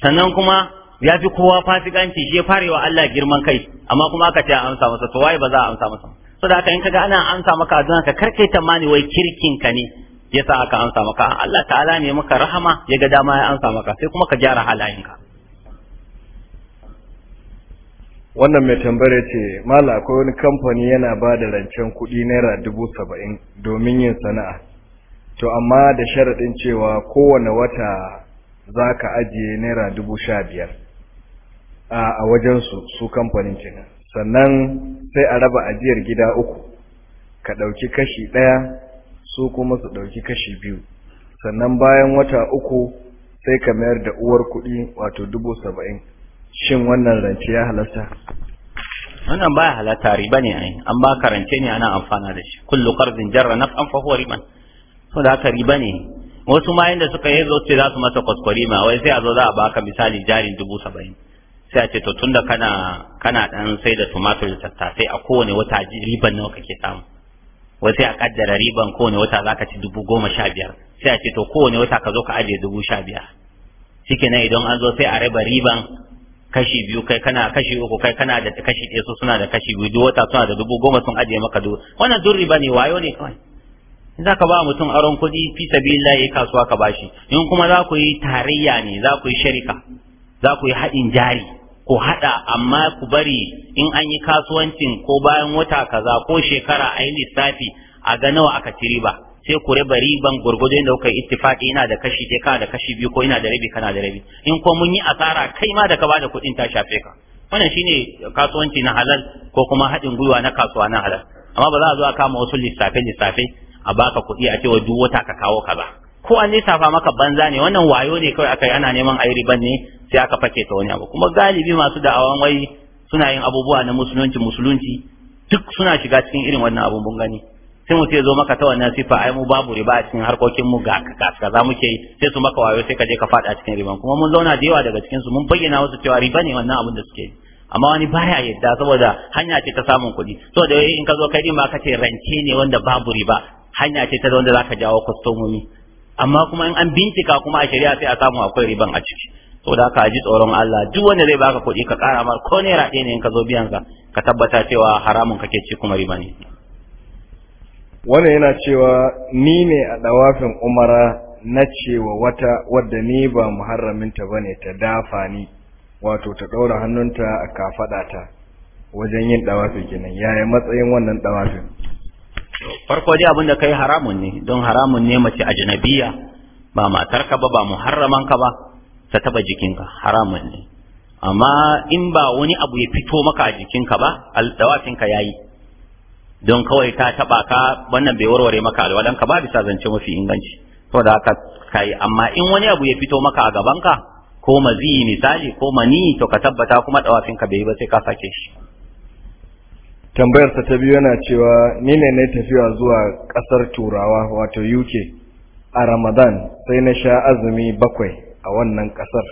sannan kuma ya fi kowa fasikanci shi ya wa Allah girman kai amma kuma aka ce a amsa masa to waye ba za a amsa masa da haka in kaga ana amsa maka addu'a ka karkai tamani wai kirkin ka ne yasa aka amsa maka Allah ta'ala ne maka rahama ya ga dama ya amsa maka sai kuma ka gyara halayenka wannan mai tambayar ce mala akwai wani kamfani yana ba da rancen kuɗi naira dubu saba'in domin yin sana'a to amma da sharaɗin cewa kowane wata za ka ajiye naira dubu sha biyar a wajensu su kamfanin kenan sannan sai a raba ajiyar gida uku ka ɗauki kashi ɗaya su kuma su ɗauki kashi biyu sannan bayan wata uku sai ka mayar da uwar kuɗi wato dubu saba'in shin wannan rance ya halatta wannan baya halatta riba ne ai an ba ka rance ne ana amfana da shi kullu qardin jarra naf'an fa huwa riban to da haka riba ne wasu ma inda suka yi zo za su masa kwaskwari ma wai sai a zo za a baka misali jarin dubu saba'in sai a ce to tunda kana kana dan sai da tumatur da tattasai a kowane wata riban nawa kake samu wai sai a kaddara riban kowane wata zaka ci dubu goma sha biyar sai a ce to kowane wata ka zo ka ajiye dubu sha biyar shikenan idan an zo sai a raba riban kashi biyu kai kana kashi uku kai kana da kashi ɗaya su suna da kashi biyu duk wata suna da dubu goma sun ajiye maka dubu wannan duk riba ne wayo ne kawai in za ka ba mutum aron kuɗi fi sabilillah ya kasuwa ka bashi in kuma za ku yi tarayya ne za ku yi sharika za ku yi haɗin jari ku haɗa amma ku bari in an yi kasuwancin ko bayan wata kaza ko shekara a yi lissafi a ga nawa aka ci riba sai ku riba riban gurgudu inda kuka ittifaqi ina da kashi ɗaya kana da kashi biyu ko ina da rabi kana da rabi in ko mun yi asara kai ma da ka bada kuɗin ta shafe ka wannan shine kasuwanci na halal ko kuma haɗin gwiwa na kasuwa na halal amma ba za a zo a kama wasu lissafe lissafe a baka kuɗi a cewa duk wata ka kawo ka ba ko an lissafa maka banza ne wannan wayo ne kawai aka yi ana neman ayi riban ne sai aka fake ta wani abu kuma galibi masu da'awan wai suna yin abubuwa na musulunci musulunci duk suna shiga cikin irin wannan abun gani sai mu sai zo maka ta wannan sifa ai mu babu riba a cikin harkokin mu ga mu muke sai su maka wayo sai ka je ka fada cikin riban kuma mun zauna da yawa daga cikin su mun bayyana wasu cewa riba ne wannan abun da suke amma wani baya yadda saboda hanya ce ta samun kuɗi saboda in ka zo kai ma ka ce rance ne wanda babu riba hanya ce ta wanda zaka jawo kwastomomi amma kuma in an bincika kuma a shari'a sai a samu akwai riban a ciki to da ka ji tsoron Allah duk wanda zai baka kuɗi ka ƙara mar ko naira ɗaya ne in ka zo biyan ka ka tabbata cewa haramun kake ci kuma riba ne wannan yana cewa ni ne a dawafin umara na cewa wata wadda ni ba muharramin ta bane ta dafa ni wato ta ɗaura hannunta a ta wajen yin dawafin kenan yaya matsayin wannan dawafin farko dai abin da kai haramun ne don haramun ne mace ajnabiya ba matarka ba ba muharraman ka ba ta taba jikinka haramun ne amma in ba wani abu ya fito maka a jikinka ba aldawafinka yayi don kawai ta taba ka wannan bai warware maka alwalanka ba bisa zance mafi inganci da haka kai amma in wani abu ya fito maka a gabanka ko mazi misali ko mani to ka tabbata kuma dawafinka bai yi ba sai ka sake shi tambayarsa ta biyu yana cewa ni ne na tafiya zuwa ƙasar turawa wato uk a ramadan sai na sha azumi bakwai a wannan ƙasar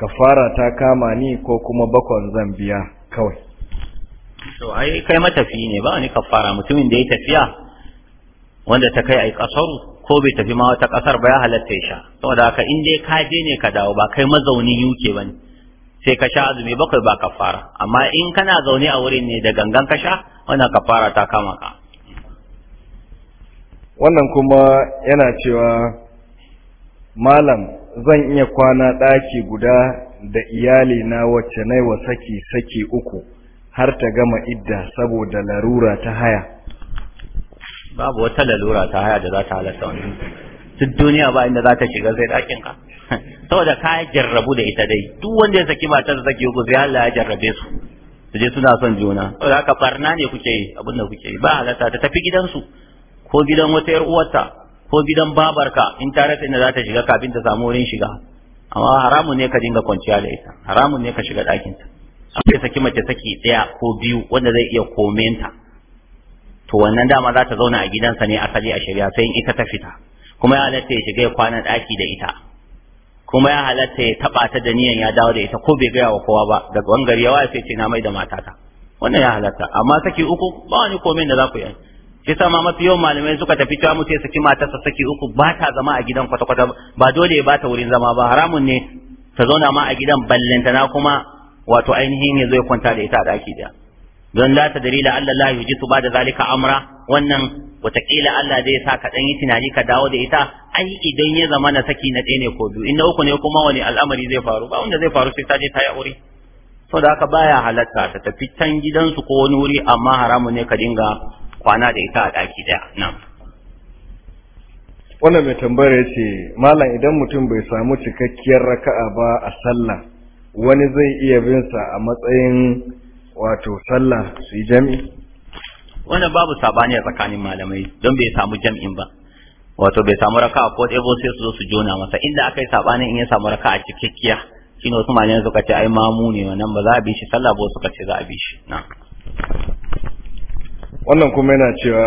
kafara ta kama ni ko kuma bakwan zan biya kawai to ai kai matafi ne ba ni kafara mutumin da ya tafiya wanda ta kai ai kasar ko bai tafi ma wata ƙasar ba ya halatta ya sha saboda haka in dai ka je ne ka dawo ba kai mazaunin uk ba ne sai ka sha azumi bakwai ba kafara amma in kana zaune a wurin ne da gangan ka sha wannan kafara ta kama ka wannan kuma yana cewa malam zan iya kwana ɗaki guda da iyali na wacce nai wa saki saki uku har ta gama idda saboda larura ta haya babu wata larura ta haya da za ta halatta wani duk duniya ba inda za ta shiga sai ɗakin ka saboda ka jarrabu da ita dai duk wanda ya saki matar zaki ku sai Allah ya jarrabe su su je suna son juna saboda haka barna ne kuke yi abin da kuke yi ba halatta ta tafi gidansu ko gidan wata yar uwarta ko gidan babarka in ta rasa inda za ta shiga kafin ta samu wurin shiga amma haramun ne ka dinga kwanciya da ita haramun ne ka shiga ɗakinta akwai saki mace saki ɗaya ko biyu wanda zai iya komenta to wannan dama za ta zauna a gidansa ne asali a shirya sai in ita ta fita kuma ya halatta ya shiga ya kwana daki da ita kuma ya halatta ya taɓa ta da niyan ya dawo da ita ko bai gaya wa kowa ba daga wangari ya waye sai ce na mai da matata wannan ya halatta amma saki uku ba wani komai da za ku yi shi sa ma mafi yawan malamai suka tafi ta mutu ya saki matarsa saki uku ba ta zama a gidan kwata-kwata ba dole ya ba ta wurin zama ba haramun ne ta zauna ma a gidan ballantana kuma wato ainihin ya zo kwanta da ita a ɗaki daya don la ta dalila Allah la yujisu ba da zalika amra wannan watakila Allah zai sa ka dan yi tunani ka dawo da ita ai idan ya zama na saki na ɗaya ne ko biyu inda uku ne kuma wani al'amari zai faru ba wanda zai faru sai ta je ta yi aure saboda haka baya halatta ta tafi can gidansu ko wani wuri amma haramun ne ka dinga kwana da ita a ɗaki ɗaya nan wannan mai tambayar ya ce malam idan mutum bai samu cikakkiyar raka'a ba a sallah wani zai iya bin sa a matsayin wato sallah su yi jami'i wannan babu sabani a tsakanin malamai don bai samu jami'in ba wato bai samu raka ko ɗebo sai su zo su jona masa inda aka yi sabani in ya samu raka a cikakkiya shine wasu malamai suka ce ai mamu ne wannan ba za a bi shi sallah ba suka ce za a bi shi na wannan kuma yana cewa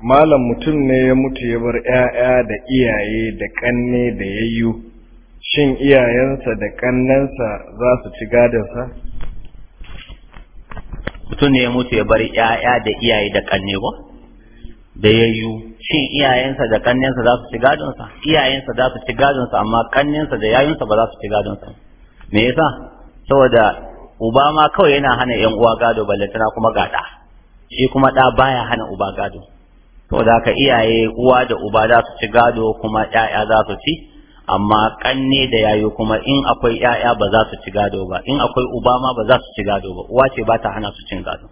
malam mutum ne ya mutu ya bar ƴaƴa da iyaye da kanne da yayyu shin iyayensa da kannensa za su ci gadansa mutum ne ya mutu ya bar ‘ya'ya da iyaye da kanne ba da yayyu shin iyayensa da kannensa za su ci gadonsa iyayensa za su ci gadonsa amma kannensa da yayunsa ba za su ci gadonsa me yasa saboda uba ma kawai yana hana yan uwa gado tana kuma gada shi kuma ɗa baya hana uba gado saboda haka iyaye uwa da uba za su ci gado kuma ‘ya'ya za su ci amma kanne da yayo kuma in akwai ‘ya'ya ba za su ci gado ba in akwai uba ma ba za su ci gado ba uwa ce ba ta hana su cin gado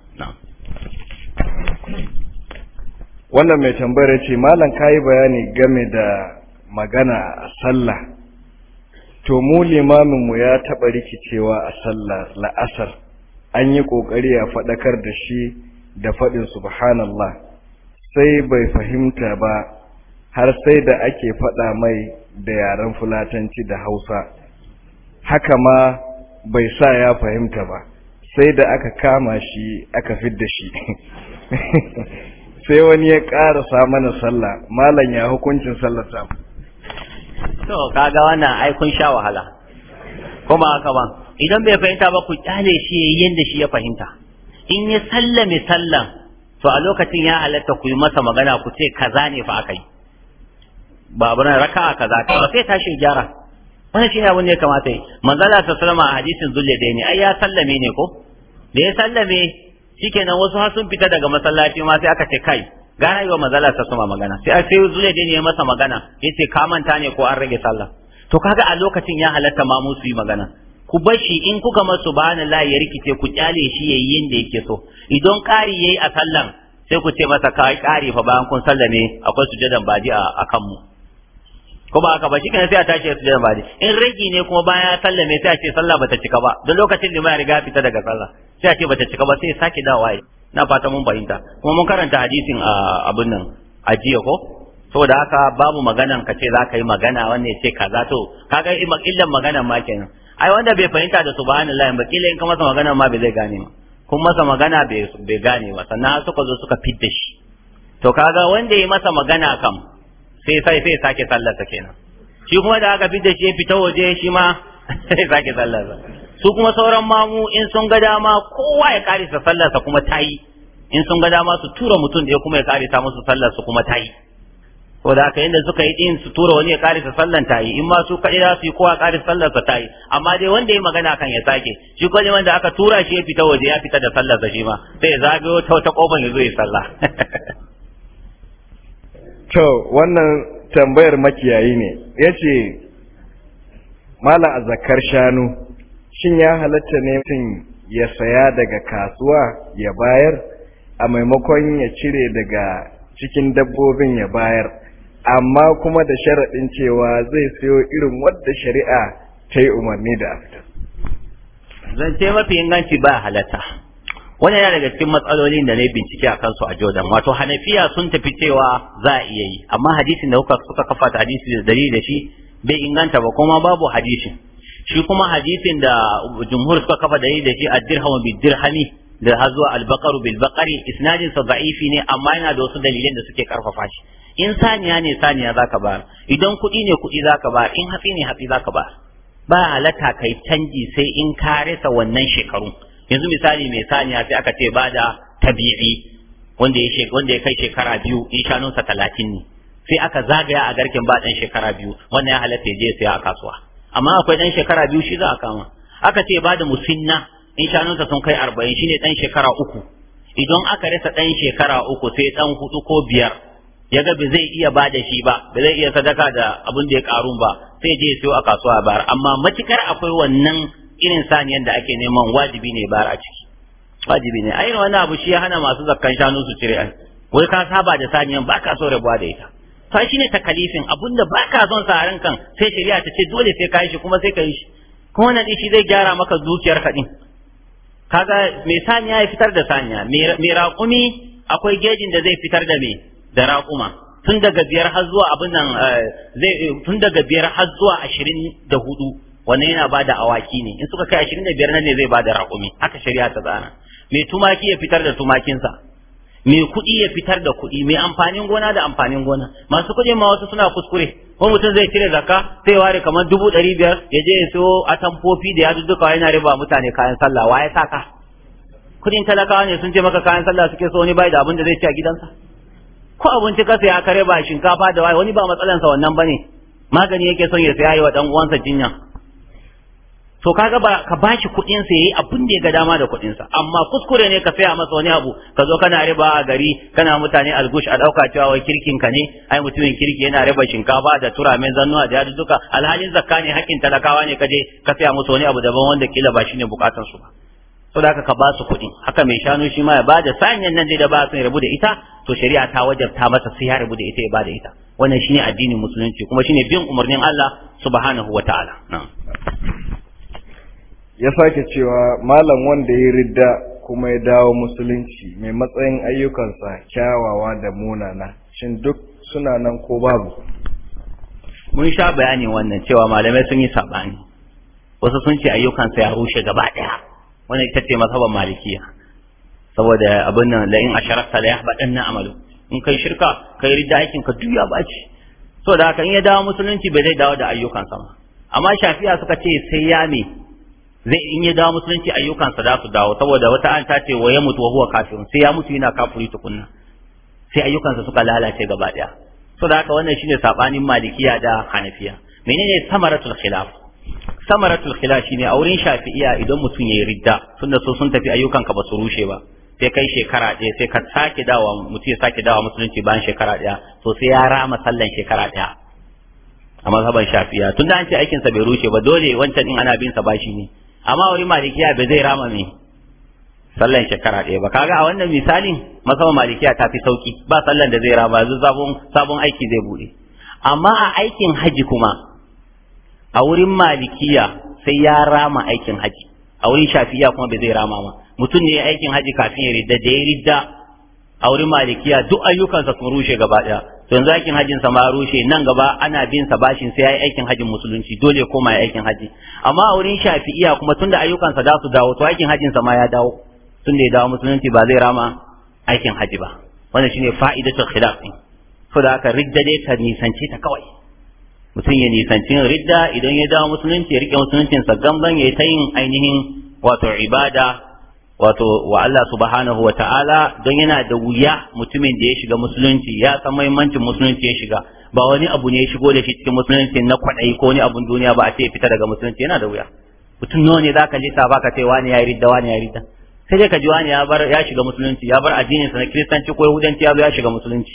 wannan mai tambayar ce malam kayi bayani game da magana a sallah to mu limamin mu ya taɓa rikicewa a sallah la'asar an yi ƙoƙari a faɗakar da shi da faɗin subhanallah sai bai fahimta ba har sai da ake faɗa mai da yaren fulatanci da hausa haka ma bai sa ya fahimta ba sai da aka kama shi aka da shi sai wani ya ƙarasa mana sallah malam ya hukuncin sallar ta to kaga wannan ai sha wahala kuma haka ba idan bai fahimta ba ku kyale shi yayin yadda shi ya fahimta in ya sallame sallan to a lokacin ya halatta ku yi masa magana ku ce kaza ne fa yi. ba raka raka'a kaza kaza sai tashin gyara wannan shine abin da ya kamata yi manzala ta sallama a hadisin ne, ai ya sallame ne ko da ya sallame shikenan wasu har sun fita daga masallaci ma sai aka ce kai gana yi wa manzala ta sallama magana sai sai ne ya masa magana ya ce ka manta ne ko an rage sallah to kaga a lokacin ya halatta ma musu yi magana ku bashi in kuka masu subhanallah ya rikice ku kyale shi ya yi yanda yake so idan kari yayi a sallan sai ku ce masa kai kari fa bayan kun sallame akwai sujadan baji a kanmu ko ba haka ba shi kenan sai a tashi su da bari in ragi ne kuma bayan ya sallame sai a ce sallah bata cika ba don lokacin da ya riga fita daga sallah sai a ce bata cika ba sai sake dawa na fata mun fahimta kuma mun karanta hadisin a abin nan a jiya ko saboda haka babu maganan ka ce za ka yi magana ya ce kaza to kaga illan maganan ma kenan ai wanda bai fahimta da subhanallahi ba kila in ka masa magana ma bai zai gane ma kun masa magana bai gane ba sannan suka zo suka fidda shi to kaga wanda ya masa magana kam sai sai sai sake sallarsa kenan shi kuma da aka fita shi fita waje shi ma sai sake sallarsa su kuma sauran mamu in sun ga dama kowa ya karisa sallarsa kuma ta yi in sun ga dama su tura mutum da kuma ya karisa musu sallarsa kuma ta yi ko da aka yanda suka yi din su tura wani ya karisa sallar ta yi in ma su kaɗai za su yi kowa karisa sallar sa ta yi amma dai wanda ya magana kan ya sake shi kuma wanda aka tura shi ya fita waje ya fita da sallar sa shi ma sai ya zagayo ta wata kofar ya zo ya sallah to wannan tambayar makiyayi ne ya ce Mala a zakar shanu shin ya halatta ne mutum ya saya daga kasuwa ya bayar a maimakon ya cire daga cikin dabbobin ya bayar amma kuma da sharaɗin cewa zai sayo irin wadda shari'a ta yi umarni da afta zan ce mafi inganci ba halatta Wani yana daga cikin matsalolin da na yi bincike a kansu a Jordan wato Hanafiya sun tafi cewa za a iya yi amma hadisin da suka kafa ta hadisi da dalili da shi bai inganta ba kuma babu hadisin shi kuma hadisin da jumhur suka kafa dalili da shi ad-dirhamu bid-dirhami da har zuwa al-baqaru bil-baqari isnadin sa da'ifi ne amma yana da wasu dalilan da suke karfafa shi in saniya ne saniya zaka bayar idan kuɗi ne kuɗi zaka bayar in hatsi ne hatsi zaka bayar ba halatta kai canji sai in ka rasa wannan shekarun yanzu misali mai saniya sai aka ce bada tabi'i wanda ya wanda ya kai shekara biyu in shanunsa talatin ne sai aka zagaya a garken ba dan shekara biyu wannan ya halatta je sai a kasuwa amma akwai dan shekara biyu shi za a kama aka ce bada musinna in shanunsa sun kai arba'in shine dan shekara uku idan aka rasa dan shekara uku sai dan hudu ko biyar ya ga ba zai iya bada shi ba Ba zai iya sadaka da abin da ya karun ba sai je siyo a kasuwa bayar amma matukar akwai wannan irin saniyan da ake neman wajibi ne ba a ciki wajibi ne ayin wani abu shi ya hana masu zakkan shanu su cire an wai ka saba da saniyan ba ka so rabuwa da ita fa shi ne takalifin abunda ba ka son sa ran kan sai shari'a ta ce dole sai ka yi shi kuma sai ka yi shi kuma wannan shi zai gyara maka zuciyar ka din kaga mai saniya ya fitar da saniya mai raƙumi akwai gejin da zai fitar da me da raƙuma tun daga biyar har zuwa abin nan eh, zai tun daga biyar har zuwa ashirin da hudu wannan yana bada awaki ne in suka kai ashirin da biyar nan ne zai bada raƙumi haka shari'a ta tsara mai tumaki ya fitar da tumakinsa mai kuɗi ya fitar da kuɗi mai amfanin gona da amfanin gona masu kuɗi ma wasu suna kuskure ko mutum zai cire zakka sai ware kamar dubu ɗari biyar ya je ya siyo atamfofi da yadudduka yana riba mutane kayan sallah wa ya sa kuɗin talakawa ne sun ce maka kayan sallah suke so wani bai da abin da zai ci a gidansa ko abinci ka saya ka riba shinkafa da waye wani ba matsalansa wannan ne? magani yake son ya saya yi wa ɗan uwansa jinya to kaga ba ka bashi kuɗin sa yayi abin da ya ga dama da kuɗin sa amma kuskure ne ka saya masa wani abu ka zo kana riba a gari kana mutane algush a dauka cewa wai kirkin ka ne ai mutumin kirki yana riba shinkafa da turamen zannuwa da yadu duka alhalin zakka ne hakkin talakawa ne kaje ka saya musu wani abu daban wanda kila ba shine bukatun su ba to da ka ba su kuɗi haka mai shanu shi ma ya ba da sanyan nan dai da ba su rabu da ita to shari'a ta wajabta masa sai ya rabu da ita ya ba da ita wannan shine addinin musulunci kuma shine bin umarnin Allah subhanahu wataala na'am ya sake cewa malam wanda ya ridda kuma ya dawo musulunci mai matsayin ayyukansa kyawawa da munana shin duk suna nan ko babu mun sha bayani wannan cewa malamai sun yi saɓani wasu sun ce ayyukansa ya rushe gaba ɗaya wannan ita ce masaban malikiya saboda abin nan la in asharakta la ɗan amalu in kai shirka kai ridda aikin ka duk ya baci saboda haka in ya dawo musulunci bai zai dawo da ayyukansa ba amma shafiya suka ce sai ya me zai in ya dawo musulunci ayyukansa za su dawo saboda wata an ta ce wa ya mutu wa huwa kafirun sai ya mutu yana kafiri tukunna sai ayyukansa suka lalace gaba daya so da haka wannan shine sabanin malikiya da hanafiya menene samaratul khilaf samaratul khilaf shine a wurin shafi'iya idan mutum yayi ridda tunda so sun tafi ayyukanka ba su rushe ba sai kai shekara ɗaya sai ka sake dawa mutum ya sake dawa musulunci bayan shekara ɗaya to sai ya rama sallan shekara ɗaya a mazhaban shafi'iya tunda an ce aikinsa bai rushe ba dole wancan in ana bin sa bashi ne amma wani malikiya bai zai rama mai, sallan shekara ɗaya ba kaga a wannan misalin masama malikiya ta fi sauki ba sallan da zai rama yanzu sabon aiki zai buɗe. amma a aikin haji kuma a wurin malikiya sai ya rama aikin haji a wurin shafiya kuma bai zai rama ma mutum ne aikin haji kafin ya ridda da ya ridda a wurin malikiya duk ayyukansa sun rushe gaba ɗaya yanzu aikin hajjin sa ma rushe nan gaba ana bin sa bashin sai yayi aikin hajjin musulunci dole ya koma aikin hajji amma a wurin shafi'iya kuma tunda ayyukan sa da su dawo to aikin hajjin sa ma ya dawo tunda ya dawo musulunci ba zai rama aikin hajji ba wannan shine fa'idatul khilaf din saboda haka ridda dai ta nisance ta kawai mutum ya nisanci ridda idan ya dawo musulunci ya rike musuluncin sa gamban ya ta yin ainihin wato ibada wato wa Allah subhanahu wa ta'ala don yana da wuya mutumin da ya shiga musulunci ya san muhimmancin musulunci ya shiga ba wani abu ne ya shigo da shi cikin musulunci na kwaɗayi ko wani abun duniya ba a ce fita daga musulunci yana da wuya mutum nawa ne zaka lissa baka ce wani ya ridda wani ya ridda sai dai ka ji wani ya bar ya shiga musulunci ya bar addinin sa na kiristanci ko yahudanci ya zo ya shiga musulunci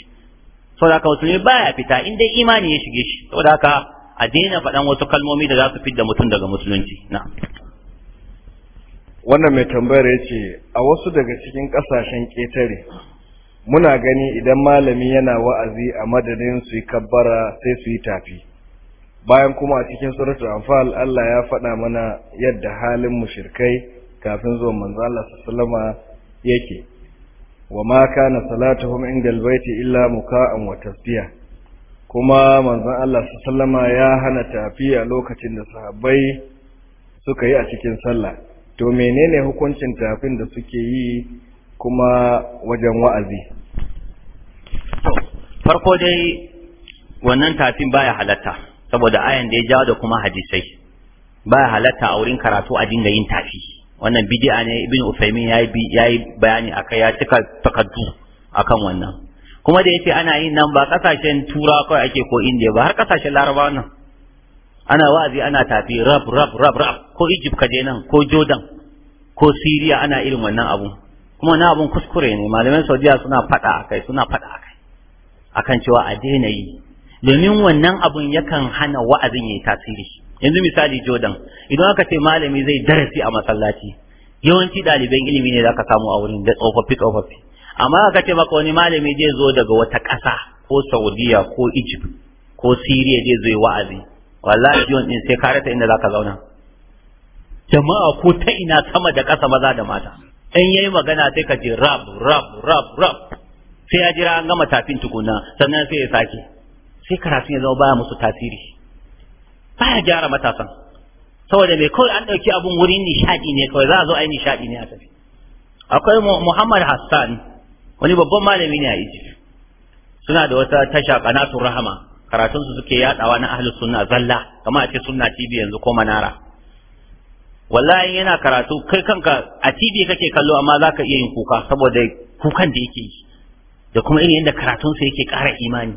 saboda haka musulmi baya fita in dai imani ya shige shi saboda haka a daina faɗan wasu kalmomi da za su fidda mutum daga musulunci na'am wannan mai tambayar ya ce a wasu daga cikin ƙasashen ƙetare muna gani idan malami yana wa'azi a madadin su yi kabbara sai su yi tafi bayan kuma a cikin suratul anfal Allah ya faɗa mana yadda halin mushrikai kafin zuwa manzo Allah sallama yake wa ma kana salatuhum indal baiti illa muka'an wa tasbiya kuma manzon Allah sallama ya hana tafiya lokacin da sahabbai suka yi a cikin sallah to menene hukuncin tafin da suke yi kuma wajen wa'azi farko dai wannan tafin baya halatta saboda ayan da ya jawo da kuma hadisai baya halatta a wurin karatu a dinga yin tafi wannan bid'a ne ibn Uthaymeen yayi yayi bayani akai ya cika takaddu akan wannan kuma da yace ana yin nan ba kasashen tura kawai ake ko indiya ba har kasashen larabawa nan ana wa'azi ana tafi rab rab rab rab ko Egypt kaje nan ko Jordan ko Syria ana irin wannan abun kuma na abun kuskure ne malaman Saudiya suna fada akai suna fada akai akan cewa a daina yi domin wannan abun yakan hana wa'azin yayi tasiri yanzu misali Jordan idan aka ce malami zai darasi a masallaci yawanci daliban ilimi ne zaka samu a wurin da tsofaffi tsofaffi amma aka ce maka wani malami zai zo daga wata ƙasa ko Saudiya ko Egypt ko Syria zai zo wa'azi wallahi yon din sai ka rasa inda zaka zauna jama'a ko ta ina sama da ƙasa maza da mata in yayi magana sai ka ji rab rab rab rab sai ya jira an gama tafin tukuna sannan sai ya sake sai karatun ya zama baya musu tasiri baya gyara matasan saboda mai kawai an ɗauki abun wurin nishaɗi ne kawai za a zo a yi nishaɗi ne a tafi akwai muhammad hassan wani babban malami ne a egypt suna da wata tasha kanatun rahama karatun su suke yadawa na ahlus sunna zalla kama a ce sunna TV yanzu ko manara wallahi yana karatu kai kanka a TV kake kallo amma zaka iya yin kuka saboda kukan da yake yi da kuma irin yadda karatun sa yake ƙara imani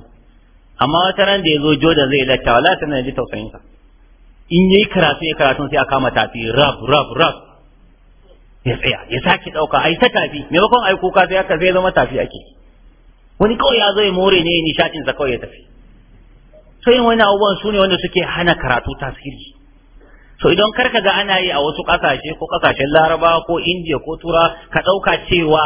amma wata ran da yazo joda zai lacca wala tana ji tausayin sa in yayi karatu ya karatun sai aka mata tafi rab rab rab ya tsaya ya sake dauka ai ta tafi maimakon ai kuka sai aka zai zama tafi ake wani kawai ya zo ya more ne nishaɗin sa kawai ya tafi sai wani abubuwan su ne wanda suke hana karatu tasiri so idan kar ka ga ana yi a wasu kasashe ko kasashen laraba ko indiya ko tura ka ɗauka cewa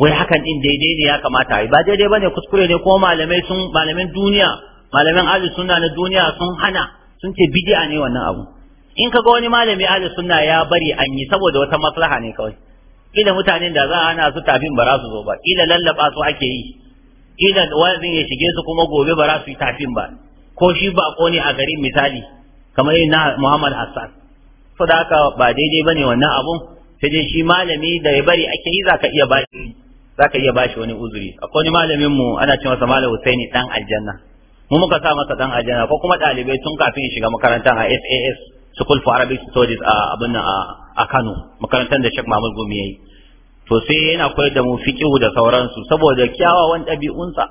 wai hakan din daidai ne ya kamata a yi ba daidai bane kuskure ne ko malamai sun malamin duniya malamin ahli sunna na duniya sun hana sun ce bid'a ne wannan abu in ka ga wani malami ahli sunna ya bari an yi saboda wata maslaha ne kawai ila mutanen da za a hana su tafin ba za su zo ba ila lallaba su ake yi idan wa'azin ya shige su kuma gobe ba za su yi tafin ba ko shi ba ne a garin misali kamar yin na Muhammad Hassan su da haka ba daidai ba ne wannan abun sai dai shi malami da ya bari ake yi zaka iya bashi zaka wani uzuri akwai wani malamin mu ana cewa sa malam Husaini dan aljanna mu muka sa masa dan aljanna ko kuma dalibai tun kafin ya shiga makarantar a SAS School for Arabic Studies a abin a Kano makarantar da Sheikh Mahmud Gumi yayi to sai yana koyar da mu fiqhu da sauransu saboda kyawawan ɗabi'unsa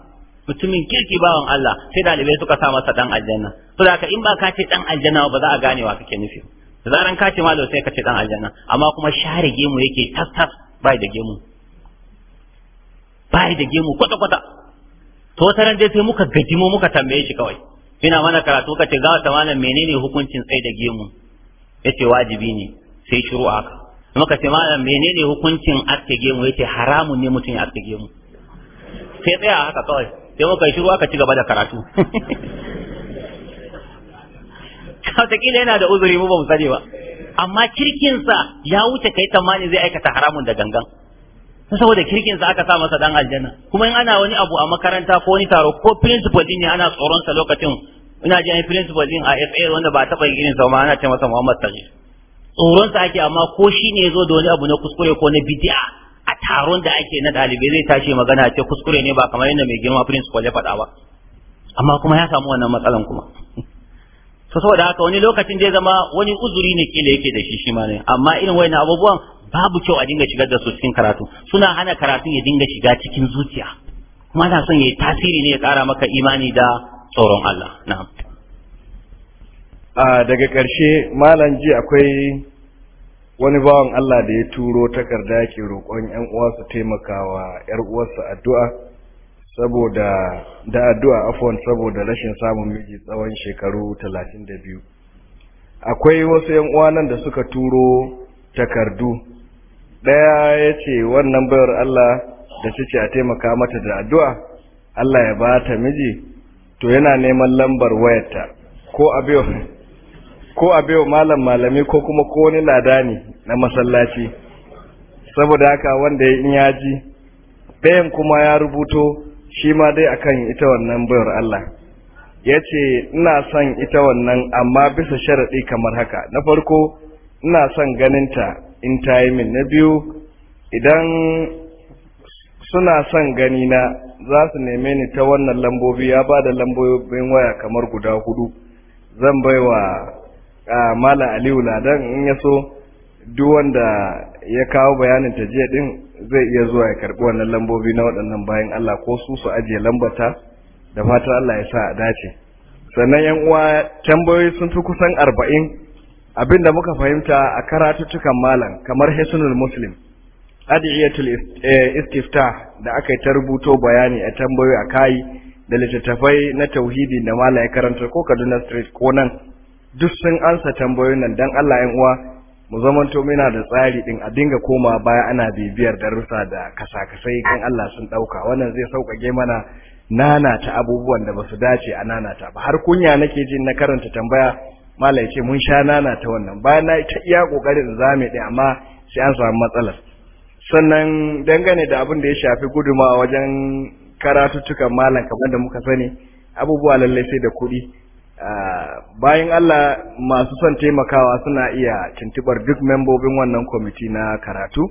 mutumin kirki bawan Allah sai dalibai suka sa masa dan aljanna to da in ba ka ce dan aljanna ba za a gane wa kake nufi da zaran ka ce malo sai ka ce dan aljanna amma kuma share gemu yake tas tas bai da gemu bai da gemu kwata kwata to taran dai sai muka gajimo muka tambaye shi kawai ina mana karatu ka ce za ta mana menene hukuncin tsai da gemu yace wajibi ne sai shiru aka. muka ce malam menene hukuncin aske gemu yace haramun ne mutum ya aske gemu sai tsaya haka kawai sai muka yi shiru aka ci gaba da karatu wataƙila yana da uzuri mu ba mu sani ba amma kirkinsa ya wuce kai tamani zai aikata haramun da gangan saboda kirkinsa aka sa masa dan aljanna kuma in ana wani abu a makaranta ko wani taro ko principal din ne ana tsoron sa lokacin ina ji an principal din a FA wanda ba taɓa irin sa ma ana ce masa Muhammad Sagir Tsoron tsoronsa ake amma ko shi ne ya zo da wani abu na kuskure ko na bidi'a a taron da ake na ɗalibai zai tashi magana ce kuskure ne ba kamar yadda mai girma prince ya faɗa ba amma kuma ya samu wannan matsalan kuma to saboda haka wani lokacin zai zama wani uzuri ne kila yake da shi shi ma ne amma irin wayannan abubuwan babu kyau a dinga shigar da su cikin karatu suna hana karatun ya dinga shiga cikin zuciya kuma na son ya yi tasiri ne ya kara maka imani da tsoron Allah na'am A daga ƙarshe malam ji akwai wani bawan Allah da ya turo takarda yake roƙon ƴan uwa taimakawa ƴar uwarsa addu'a saboda da addu'a afwan saboda rashin samun miji tsawon shekaru 32 akwai wasu ƴan uwa nan da suka turo takardu ɗaya yace wannan bayar Allah da ce a taimaka mata da addu'a Allah ya ba ta miji to yana neman lambar wayarta ko a ko a wa malam malami ko kuma ko wani lada ne na masallaci saboda haka wanda in ya ji ɗayan kuma ya rubuto shi ma dai akan ita wannan bayar Allah ya ce ina son ita wannan amma bisa sharaɗi kamar haka na farko ina son ganinta in ta yi min na biyu idan suna son ganina za su neme ni ta wannan lambobi ya ba da lambobin waya kamar guda hudu zan baiwa Ah, malam aliyu ladan in ya so duk wanda ya kawo bayanin ta jiya din zai iya zuwa ya karbi wannan lambobi na waɗannan bayan Allah ko su su ajiye lambata da fatan Allah ya sa a dace sannan yan uwa tambayoyi sun fi kusan arba'in abin da muka fahimta a karatuttukan malam kamar hisnul muslim adiyatul eh, istifta da aka yi ta rubuto bayani a tambayoyi a kayi, da littattafai na tauhidi da malam ya karanta ko kaduna street ko nan duk sun ansa tambayoyin nan dan Allah yan uwa mu zamanto muna da tsari din a dinga koma baya ana bibiyar darussa da kasa-kasai kan Allah sun ɗauka, wannan zai sauƙaƙe mana nanata abubuwan da basu dace a nanata ba har kunya nake jin na karanta tambaya mala yace mun sha nanata wannan bayan na ta iya kokarin zame din amma sai an samu matsalar. sannan dangane da abin da ya shafi gudumawa wajen karatuttukan malam kamar da muka sani abubuwa lallai sai da kuɗi Ah, bayan Allah masu son taimakawa suna iya cintibar duk membobin wannan kwamiti na karatu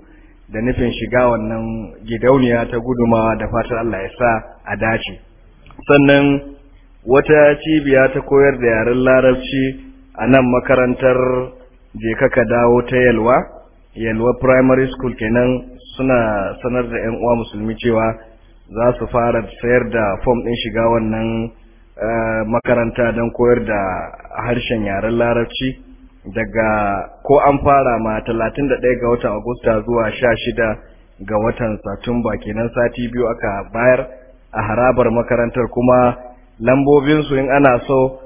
da nufin shiga wannan gidauniya ta guduma da fatan Allah ya sa a dace sannan wata cibiya ta koyar da yaren larabci a nan makarantar je kaka dawo ta yalwa yalwa primary school kenan suna sanar da 'yan uwa musulmi cewa za su fara sayar da fom ɗin shiga wannan Eh, makaranta don koyar da harshen yaren larabci daga ko an fara ma 31 ga watan agusta zuwa 16 ga watan satumba kenan sati biyu aka bayar a harabar makarantar kuma lambobinsu in ana so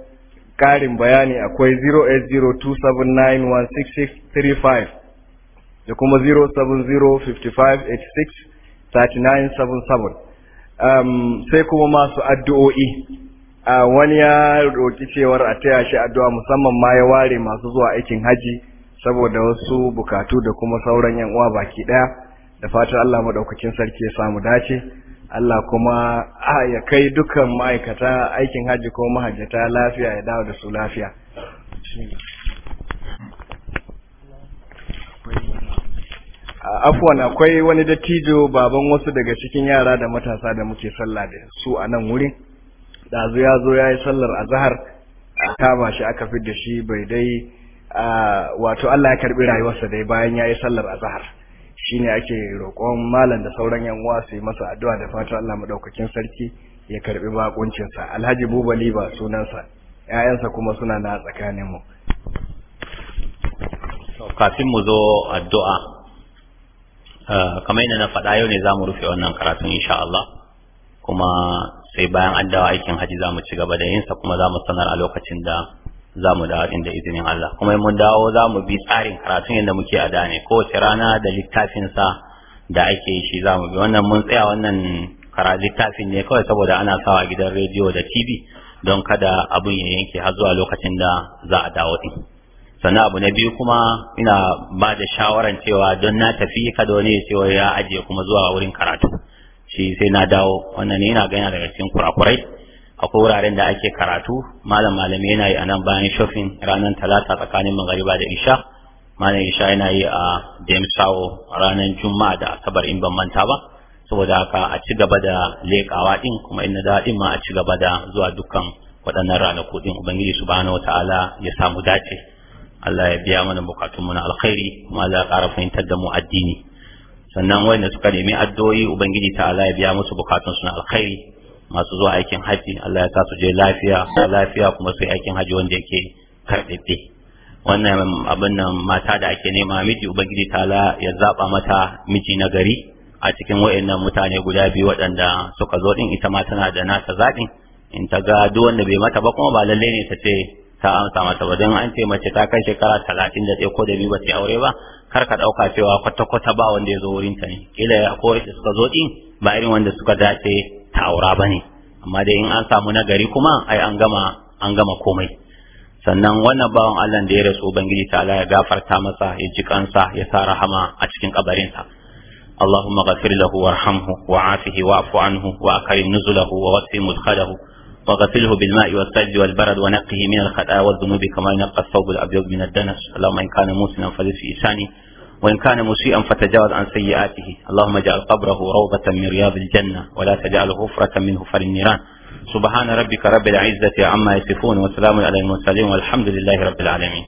ƙarin bayani akwai 08027916635 da kuma 07055863977 um, sai kuma masu addu'o'i wani ya roki cewar a taya shi addu'a musamman ma ya ware masu zuwa aikin haji saboda wasu bukatu da kuma sauran yan uwa baki daya da fatan Allah madaukakin sarki ya samu dace Allah kuma ya kai dukan ma'aikata aikin haji ko mahajjata lafiya ya dawo da su lafiya afwan akwai wani dattijo baban wasu daga cikin yara da matasa da muke sallah da su a nan wurin ɗazu ya zo ya yi sallar azahar a kama shi aka fi da shi bai dai wato Allah ya karɓi rayuwarsa dai bayan ya yi sallar azahar shine ake roƙon malam da sauran yan uwa su yi masa addu'a da fatan Allah madaukakin sarki ya karɓi bakuncinsa Alhaji Bubali ba sunansa 'ya'yansa kuma suna na tsakanin mu kafin mu zo addu'a eh, kamar yadda na faɗa yau ne za mu rufe wannan karatun insha Allah kuma sai bayan an dawo aikin haji za mu ci gaba da yinsa kuma za mu sanar a lokacin da za mu dawo inda izinin Allah kuma mun dawo za mu bi tsarin karatun yadda muke a dane kowace rana da littafinsa da ake shi za mu bi wannan mun tsaya wannan kara littafin ne kawai saboda ana sawa a gidan rediyo da tv don kada abin ya yanke har zuwa lokacin da za a dawo din sannan abu na biyu kuma ina ba da shawaran cewa don na tafi kada wani ya ya ajiye kuma zuwa wurin karatu shi sai na dawo wannan ne yana ganya daga cikin kurakurai akwai wuraren da ake karatu malam malami yana yi a nan bayan shofin ranar talata tsakanin magariba da isha malam isha yana yi a demsawo ranar juma'a da asabar in ban manta ba saboda haka a ci gaba da lekawa din kuma in na daɗin ma a ci gaba da zuwa dukkan waɗannan ranaku din ubangiji subhanahu wataala ya samu dace Allah ya biya mana bukatun mu na alkhairi kuma Allah ya ƙara fahimtar da mu addini sannan wanda suka nemi addu'o'i ubangiji ta'ala ya biya musu bukatun suna na alkhairi masu zuwa aikin haji Allah ya sa su je lafiya lafiya kuma su yi aikin haji wanda yake karɓaɓɓe wannan abin nan mata da ake nema miji ubangiji ta'ala ya zaba mata miji na gari a cikin wayannan mutane guda biyu waɗanda suka zo din ita ma tana da nata zaɓin in ta ga duk wanda bai mata ba kuma ba lalle ne ta ce ta amsa mata ba don an ce mace ta kai shekara talatin da ɗaya ko da biyu ba ta aure ba kar ka ɗauka cewa kwata-kwata ba wanda ya zo wurin ta ne kila ko da suka zo din, ba irin wanda suka dace ta aura ba ne amma dai in an samu nagari kuma ai an gama an gama komai sannan wannan bawan Allah da ya rasu ubangiji Allah ya gafarta masa ya ji kansa ya sa rahama a cikin kabarinsa اللهم غفر له وارحمه وعافه واعف عنه وأكرم نزله ووسع مدخله وغسله بالماء والثلج والبرد ونقه من الخطأ والذنوب كما ينقى الثوب الابيض من الدنس اللهم ان كان موسنا فليس في وإن كان مسيئا فتجاوز عن سيئاته اللهم اجعل قبره روضة من رياض الجنة ولا تجعل غفرة من غفر النيران سبحان ربك رب العزة عما يصفون وسلام على المرسلين والحمد لله رب العالمين